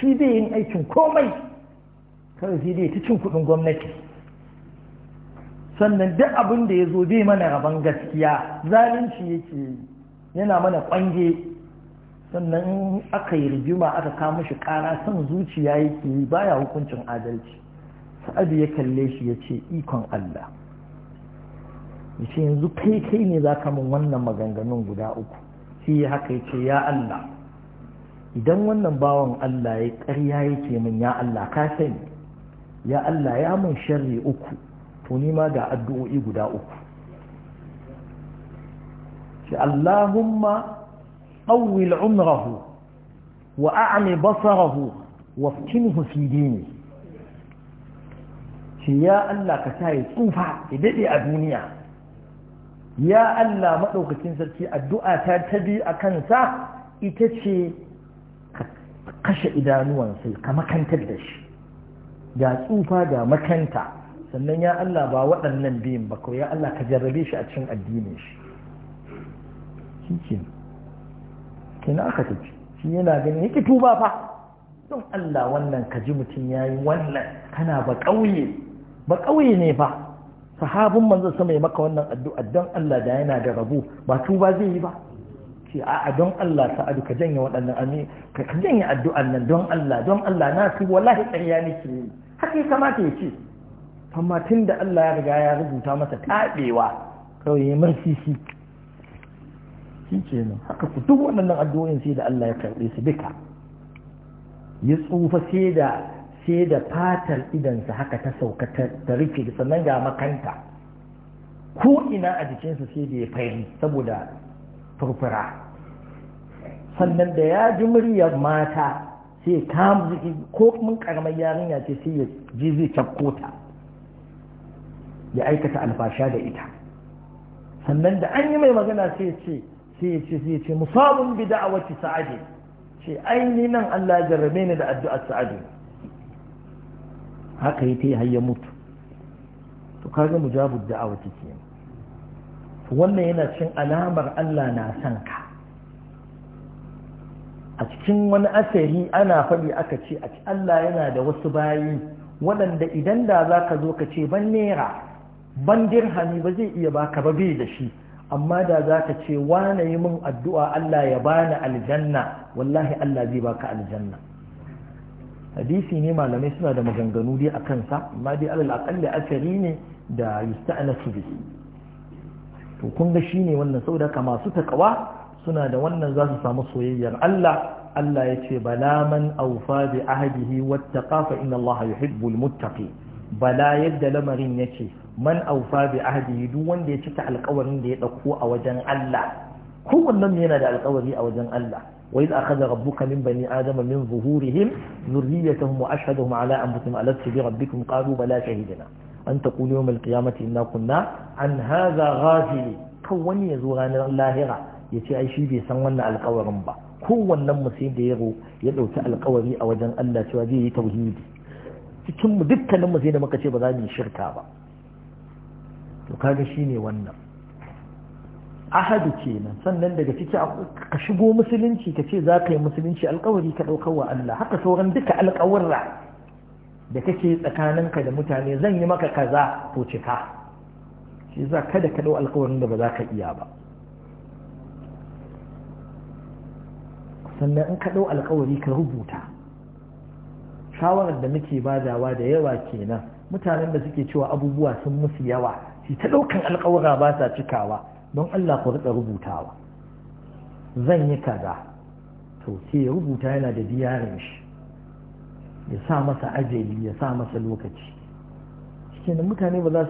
shi bai yin aikin komai kawai sai dai ta cin kuɗin gwamnati sannan duk abin da ya zo bai mana rabon gaskiya zalunci yake yana mana kwange sannan aka yi rigima aka kama shi kara son zuciya yake yi baya hukuncin adalci sa'adu ya kalle shi ya ce ikon Allah ya ce yanzu kai kai ne za ka min wannan maganganun guda uku shi haka ya ce ya Allah idan wannan bawan Allah ya ƙarya yake min ya Allah ka sani ya Allah ya mun sharri uku to ni ma ga addu'o'i guda uku shi Allahumma ɗauwil umrahu wa a'ami basarahu wa kinhu fi dini shi ya Allah ka sa ya tsufa ya daɗe a duniya ya Allah maɗaukacin sarki addu'a ta tabi a kansa ita ce kashe idanuwansa ka makantar da shi ga tsufa ga makanta sannan ya Allah ba waɗannan biyun ba ko ya Allah ka jarrabe shi a cikin addinin shi shi ke aka tafi shi yana ganin yake tuba fa don Allah wannan ka ji mutum ya yi wannan kana ba ƙauye ba ƙauye ne fa sahabin manzon sama yi maka wannan addu'a don Allah da yana da rabu ba tuba zai yi ba ce a don Allah sa'adu ka janye waɗannan ami ka janye addu'an nan don Allah don Allah na su wallahi ƙarya nake yi haka kai kamata ya ce amma tun da Allah ya riga ya rubuta masa taɓewa kawai ya sisi, shi ke nan haka ku duk waɗannan addu'o'in sai da Allah ya karɓe su duka ya tsufa sai da sai da fatar idansa haka ta sauka ta rufe sannan ga makanta ko ina a jikinsa sai da ya fari saboda furfura sannan da ya ji muryar mata sai kam ko mun karamar yarinya ce sai ya ji zai cakko ta ya aikata alfasha da ita sannan da an yi mai magana sai ce sai ce sai ce musabun bi da'awati sa'adi ce ai ni nan Allah jarrabe ni da addu'ar sa'adi haka yake har ya mutu to kaga mujabud da'awati kenan wannan yana cin alamar Allah na son ka a cikin wani asali ana faɗi aka ce a Allah yana da wasu bayi waɗanda idan da za ka zo ka ce ban nera ban dirhami ba zai iya baka ba bai da shi amma da za ka ce wane yi min addu'a Allah ya bani aljanna wallahi Allah zai baka aljanna hadisi ne malamai suna da maganganu dai a kansa amma dai alal akalli asari ne da yusta'anasu bi to kun ga shine wannan saboda ka masu takawa suna da wannan za su samu soyayyar Allah Allah ya ce bala man aufa bi ahdihi wattaqa fa inna Allah yuhibbul muttaqin bala yadda lamarin ce man aufa bi ahdihi duk wanda ya cika alƙawarin da ya dauko a wajen Allah kowannen yana da alƙawari a wajen Allah wa idh akhadha rabbuka min bani adama min zuhurihim dhurriyyatahum wa ashhadahum ala anfusihim alastu bi rabbikum qalu bala shahidna an taqulu yawm alqiyamati inna kunna an hadha ghafili kan wani yazo ranar lahira yace ai shi bai san wannan alkawarin ba kowannen musulmi da ya ya dauki alƙawari a wajen Allah cewa zai yi tauhidi cikin mu dukkanin mu sai da muka ce ba za mu shirka ba to kaga shine wannan ahadu kenan sannan daga ciki ka shigo musulunci ka ce za ka yi musulunci alkawari ka ɗaukar wa Allah haka sauran duka alkawarra da kake tsakaninka da mutane zan yi maka kaza to cika shi za kada ka ɗau alkawarin da ba za ka iya ba sannan in ka ɗau alkawari ka rubuta shawarar da muke badawa da yawa kenan mutanen da suke cewa abubuwa sun musu yawa shi ta ɗaukan alƙawura ba sa cikawa don Allah ku riƙa rubutawa zan yi kaza to sai ya rubuta yana da diyarin shi ya sa masa ajali ya sa masa lokaci kenan mutane ba za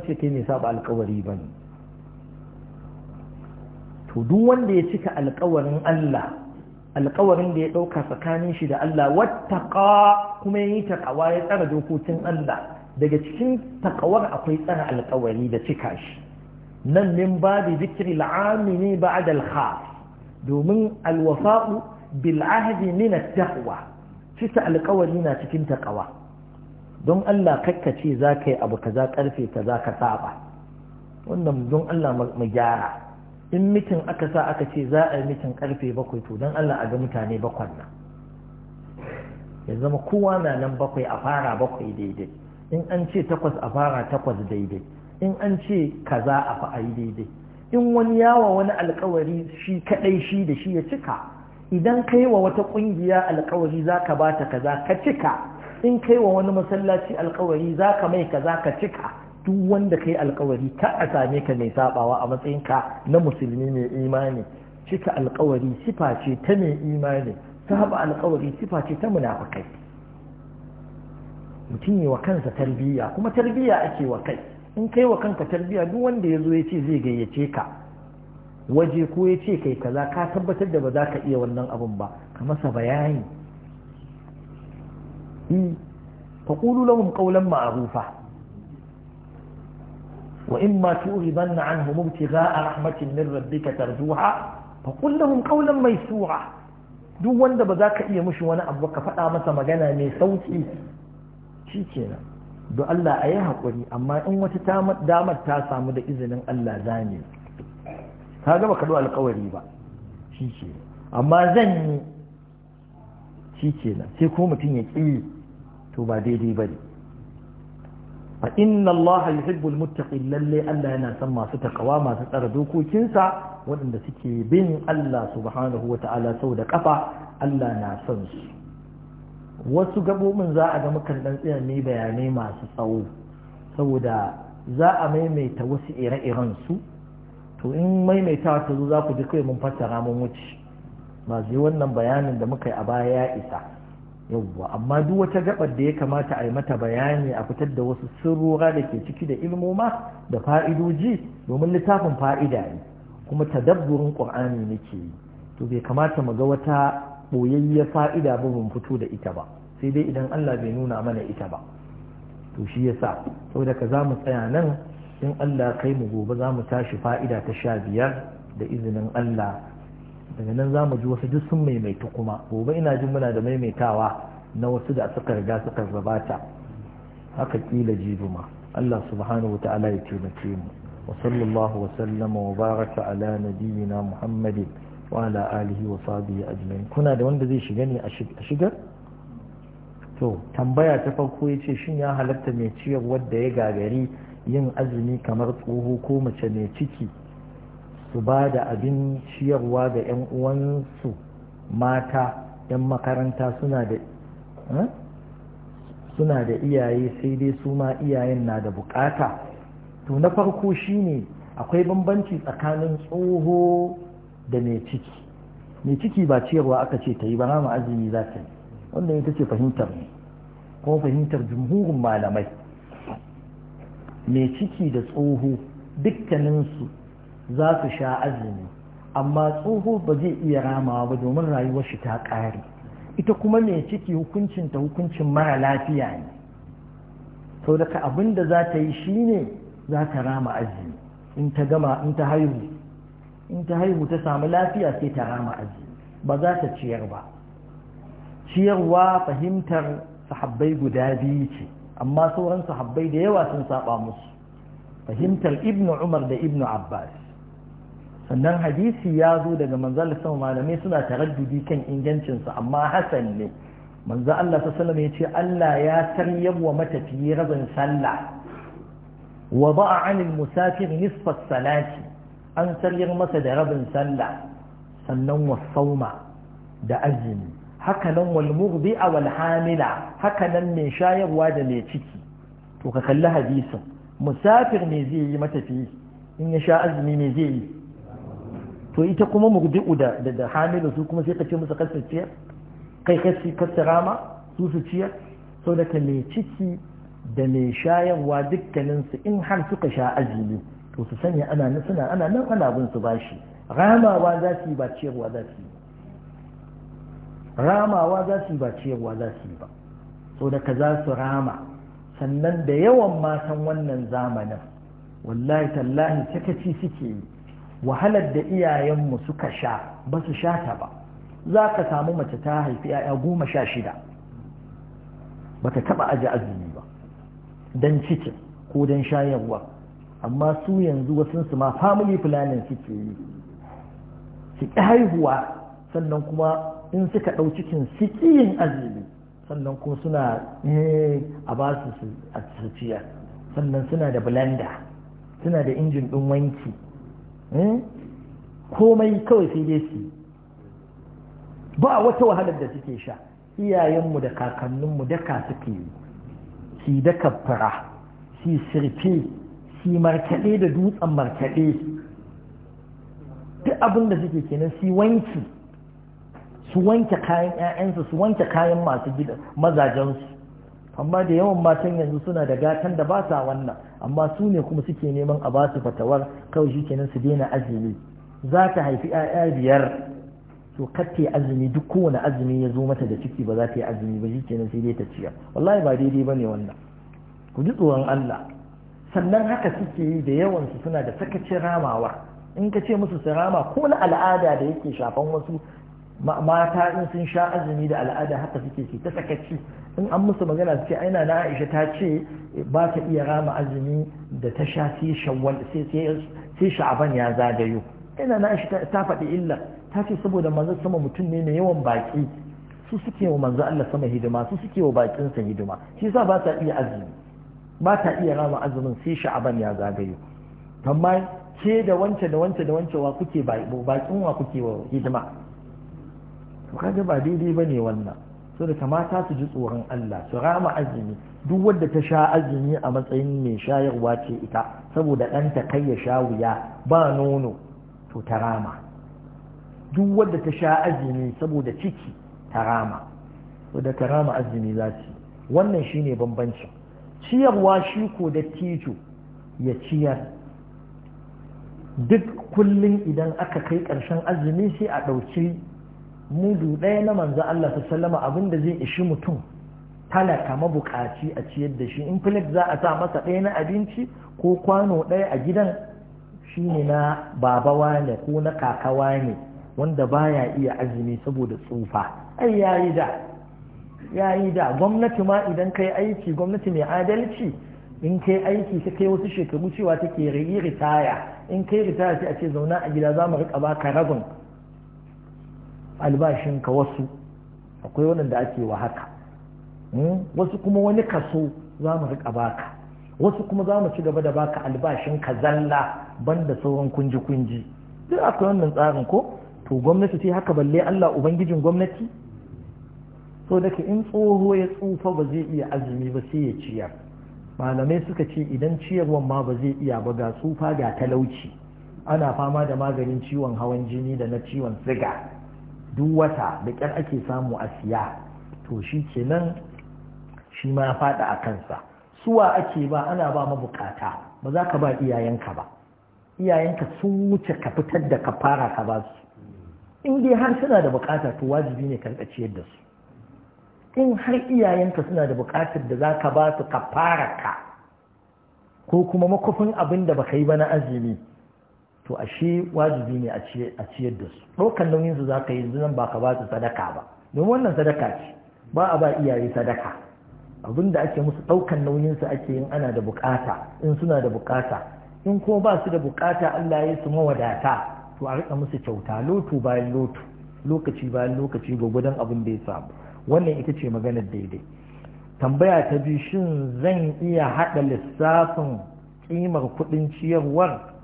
su ce kai ne saba alƙawari ba ne to duk wanda ya cika alƙawarin Allah alƙawarin da ya ɗauka tsakanin shi da Allah wattaqa kuma yayi taƙawa ya tsara dokokin Allah daga cikin taƙawar akwai tsara alƙawari da cika shi nan min da zikri al'ami ne ba al-khas domin alwafa'u bil ahdi ne at-taqwa cika alƙawari na cikin taƙawa. don Allah kakkace za ka yi abu kaza karfe kaza ka saba wannan don Allah mu gyara in mitin aka sa aka ce za a yi mitin karfe bakwai to don Allah a ga mutane bakwai nan ya zama kowa na nan bakwai a fara bakwai daidai in an ce takwas a fara takwas daidai in an ce kaza a fa'ai daidai in wani yawa wani alkawari shi kadai shi da shi ya cika idan yi wa wata kungiya alkawari za ka bata kaza ka cika in kai wa wani masallaci alkawari za ka mai kaza ka cika duk wanda kai alkawari ka a same ka mai sabawa a matsayin ka na musulmi mai imani cika alkawari sifa ce ta mai imani saba alkawari sifa ce ta munafikai mutum yi wa kansa tarbiyya kuma tarbiyya ake wa kai in kai wa kanka tarbiyya duk wanda ya zo ya ce zai gayyace ka waje ko ya ce kai kaza ka tabbatar da ba za ka iya wannan abun ba ka masa bayani e, faƙulu lahum ƙaunar ma'arufa وإما تؤرضن عنهم ابتغاء رحمة من ربك ترجوها فقل لهم قولا ميسورا duk wanda ba za ka iya mushi wani abu ka faɗa masa magana mai sauki shi kenan da Allah a yi haƙuri amma in wata damar ta samu da izinin Allah za ne ka gaba kaɗo alkawari ba shi ce amma zan yi shi kenan sai ko mutum ya ƙi to ba daidai ba ne A inna Allah yuhibbul muttaqin lalle Allah yana son masu takawa masu tsara dokokinsa waɗanda suke bin Allah subhanahu wata'ala sau da kafa Allah na son su wasu gabobin za a ga mukan ɗan tsaya ne bayanai masu tsawo saboda za a maimaita wasu ire-iren su to in maimaita ta zo za ku ji kai mun fassara mun wuce ba zai wannan bayanin da muka yi a baya ya isa yawwa amma duk wata gabar da ya kamata a yi mata bayani a fitar da wasu sirrora da ke ciki da ilmoma da fa'idoji domin littafin fa'ida ne kuma tadabburin qur'ani nake yi to bai kamata mu ga wata boyayya fa'ida ba mun fito da ita ba sai dai idan Allah bai nuna mana ita ba to shi yasa saboda ka za mu tsaya nan in Allah kai mu gobe za mu tashi fa'ida ta sha biyar da izinin Allah daga nan za mu ji wasu duk sun maimaitu kuma gobe ina jin muna da maimaitawa na wasu da suka riga suka gabata haka kila jibi ma Allah subhanahu wa ta'ala ya taimake mu wa sallallahu wa sallama wa baraka ala nabiyyina muhammadin wa ala alihi wa sahbihi ajma'in kuna da wanda zai shiga ne a shigar to tambaya ta farko ya ce shin ya halatta mai ciyar wadda ya gagari yin azumi kamar tsoho ko mace mai ciki su ba da abin ciyarwa ga 'yan uwansu mata 'yan makaranta suna da eh? suna da iyaye sai dai su ma iyayen na da bukata to na farko shine akwai bambanci tsakanin tsoho da mai ciki mai ciki ba ciyarwa aka ce ta yi ba rama azumi za ta yi wannan ita ce fahimtar ne kuma fahimtar jumhurin malamai mai ciki da tsoho dukkaninsu za su sha azumi amma tsoho ba zai iya ramawa ba domin rayuwar shi ta ƙare ita kuma mai ciki hukuncinta ta hukuncin mara lafiya ne To daga abin da za ta yi shine za ta rama azumi in ta gama in ta haihu in ta haihu ta samu lafiya sai ta rama azumi ba za ta ciyar ba ciyarwa fahimtar sahabbai guda biyu ce amma sauran sahabbai da yawa sun saba musu fahimtar ibnu umar da ibnu abbas sannan hadisi ya zo daga manzo Allah sama malamai suna taraddudi kan ingancinsa amma hasan ne manzo Allah sallallahu ya ce Allah ya taryab wa matafiyi rabin sallah wa ba'a 'anil musafir nisfa salati an taryar masa da rabin sallah sannan wa sauma da azumi haka nan wal walhamila, wal hamila haka nan mai shayarwa da mai ciki to ka kalli hadisin musafir ne zai yi matafiyi in ya sha azumi ne zai yi to ita kuma murdi'u da da hamilu su kuma sai ka ce musu kasar ciyar kai kasi kasara ma su su ciyar so da ka mai ciki da mai shayarwa dukkaninsu in har suka sha azumi to su sani ana nan suna ana nan ana bin su bashi ramawa za su yi ba ciyarwa za su yi ramawa za su yi ba ciyarwa za su yi ba so da ka za su rama sannan da yawan matan wannan zamanin wallahi tallahi sakaci suke yi wahalar da iyayenmu suka sha ba su sha ta ba za ka samu mace ta haifi 'ya'ya goma sha shida ba ta taɓa aji azumi ba don cikin ko don shayarwa amma su yanzu su ma family planning suke yi su ƙi haihuwa sannan kuma in suka ɗau cikin sikiyin azumi sannan kuma suna eh, a ba su a sannan suna da blender suna da injin ɗin wanki Hmm? komai kawai sai dai su ba wata wahalar da suke sha iyayenmu da kakanninmu daka suke yi si daka fara si sirfe si markaɗe da dutsen markaɗe duk abin da suke kenan si wanki su wanke kayan 'ya'yansu su wanke kayan masu gida mazajensu amma da yawan matan yanzu suna da gatan da ba sa wannan amma su ne kuma suke neman a ba su fatawar kawai shi kenan su daina azumi za ta haifi 'ya'ya biyar to katte azumi duk kowane azumi ya zo mata da ciki ba za ta yi azumi ba shi kenan sai dai ta ciyar wallahi ba daidai ba ne wannan ku ji tsoron Allah sannan haka suke yi da yawansu suna da sakacin ramawa in ka ce musu su rama ko na al'ada da yake shafan wasu mata in sun sha azumi da al'ada haka suke ke ta sakaci in an musu magana su ce aina na aisha ta ce ba ta iya rama azumi da ta sha sai shawwal sai sha'aban ya zagayo ina na aisha ta faɗi illa ta ce saboda manzo sama mutum ne mai yawan baki su suke wa manzo Allah sama hidima su suke wa bakin sa hidima shi yasa ba ta iya azumi ba ta iya rama azumin sai sha'aban ya zagayo amma ke da wance da wance da wance wa kuke bakin wa kuke wa hidima to kaga ba daidai ba ne wannan so da kamata su ji tsoron Allah su rama azumi duk wadda ta sha azumi a matsayin mai shayarwa ce ita saboda ta kai ya sha wuya ba nono to ta rama duk wadda ta sha azumi saboda ciki ta rama so da ta rama azumi za su wannan shine bambancin ciyarwa shi ko da tijo ya ciyar duk kullum idan aka kai ƙarshen azumi sai a ɗauki mudu ɗaya na manzo Allah ta sallama abinda zai ishi mutum talaka mabukaci a ciyar da shi in filik za a sa masa ɗaya na abinci ko kwano ɗaya a gidan shi ne na babawa ne ko na kakawa ne wanda baya iya azumi saboda tsufa ai yayi da yayi da gwamnati ma idan kai aiki gwamnati mai adalci in kai aiki ta kai wasu shekaru cewa take yi ritaya in kai ritaya sai a ce zauna a gida za mu riƙa baka rabin albashinka wasu akwai da ake wa haka hmm? wasu kuma wani kaso za mu riƙa baka wasu kuma za mu ci gaba da baka albashin ka zalla banda sauran kunji-kunji duk akwai wannan tsarin ko to gwamnati sai haka balle Allah ubangijin gwamnati so da in tsoho ya tsufa ba zai iya azumi ba sai ya ciyar malamai suka ce idan ciyarwan ma ba zai iya ba ga tsufa ga talauci ana fama da maganin ciwon hawan jini da na ciwon siga duk wata da ƙyar ake samu a siya to shi kenan shi ma ya a kansa suwa ake ba ana ba mabukata ba za ka ba iyayenka ba iyayenka sun wuce ka fitar da ka fara ka ba su in dai har suna da bukata to wajibi ne ka ciyar da su in har iyayenka suna da bukatar da za ka ba su ka fara ka ko kuma makofin abin da baka yi ba na azumi to ashe wajibi ne a ciyar da su ɗaukan nauyin su za ka yi nan ba ka ba su sadaka ba domin wannan sadaka ce ba a ba iyaye sadaka abin da ake musu ɗaukan nauyin su ake yin ana da bukata in suna da bukata in kuma ba su da bukata Allah ya su mawadata to a rika musu kyauta lotu bayan lotu lokaci bayan lokaci gwagwadon abin da ya samu wannan ita ce maganar daidai tambaya ta biyu shin zan iya haɗa lissafin ƙimar kuɗin ciyarwar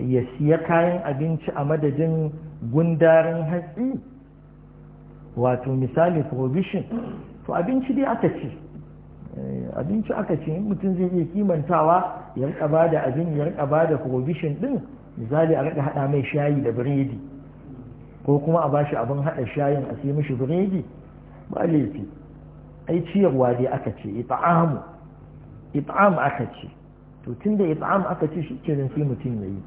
ya siya kayan abinci a madadin gundarin hatsi wato misali provision to abinci dai aka ce eh, abinci aka ce mutum zai iya kimantawa ya rika ba da abin ya rika ba da provision din misali a rika hada mai shayi da biredi ko kuma a bashi abin hada shayin a sai mishi biredi ba laifi ai ciyarwa dai aka ce it'amu it'am aka ce to tunda it'am aka ce shi zan sai mutum yayi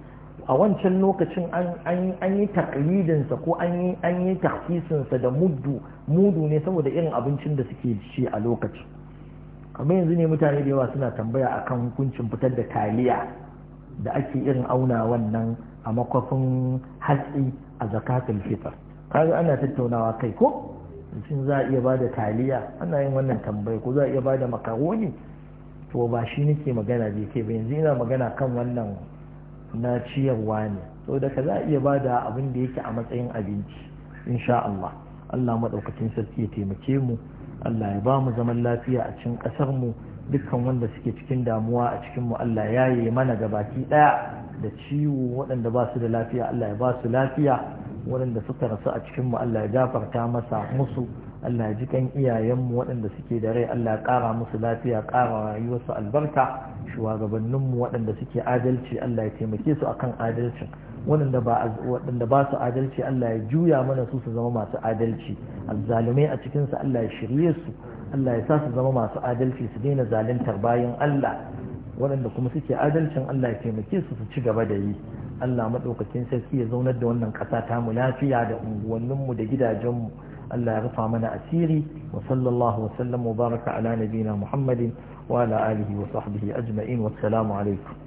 a wancan lokacin an yi taklidinsa ko an yi takfisinsa da mudu mudu ne saboda irin abincin da suke ci a lokaci kamar yanzu ne mutane da yawa suna tambaya akan hukuncin fitar da taliya da ake irin auna wannan a makwafin hatsi a zakatul fitar kaga ana tattaunawa kai ko shin za a iya ba da taliya ana yin wannan tambayi ko za a iya ba da makaroni to ba shi nake magana da kai ba yanzu ina magana kan wannan na ciyarwa ne saboda ka za a iya bada abin da yake a matsayin abinci insha Allah Allah madaukakin sarki ya taimake mu Allah ya ba mu zaman lafiya a cikin kasar mu dukkan wanda suke cikin damuwa a cikin mu Allah ya yi mana gabaki daya da ciwo waɗanda ba su da lafiya Allah ya ba su lafiya waɗanda suka rasu a cikin mu Allah ya gafarta masa musu Allah ji kan iyayenmu waɗanda suke da rai Allah ƙara musu lafiya ƙara rayuwarsu albarka shugabanninmu waɗanda suke adalci Allah ya taimake su akan adalcin waɗanda ba waɗanda ba su adalci Allah ya juya mana su su zama masu adalci azzalumai a cikin su Allah ya shirye su Allah ya sa su zama masu adalci su daina zaluntar bayan Allah waɗanda kuma suke adalcin Allah ya taimake su su ci gaba da yi Allah maɗaukakin sarki ya zaunar da wannan ƙasa mu lafiya da unguwanninmu da gidajenmu Allah ya rufa mana asiri wa sallallahu wa sallam ala nabina Muhammadin wa ala alihi wa sahbihi ajma'in wa assalamu alaikum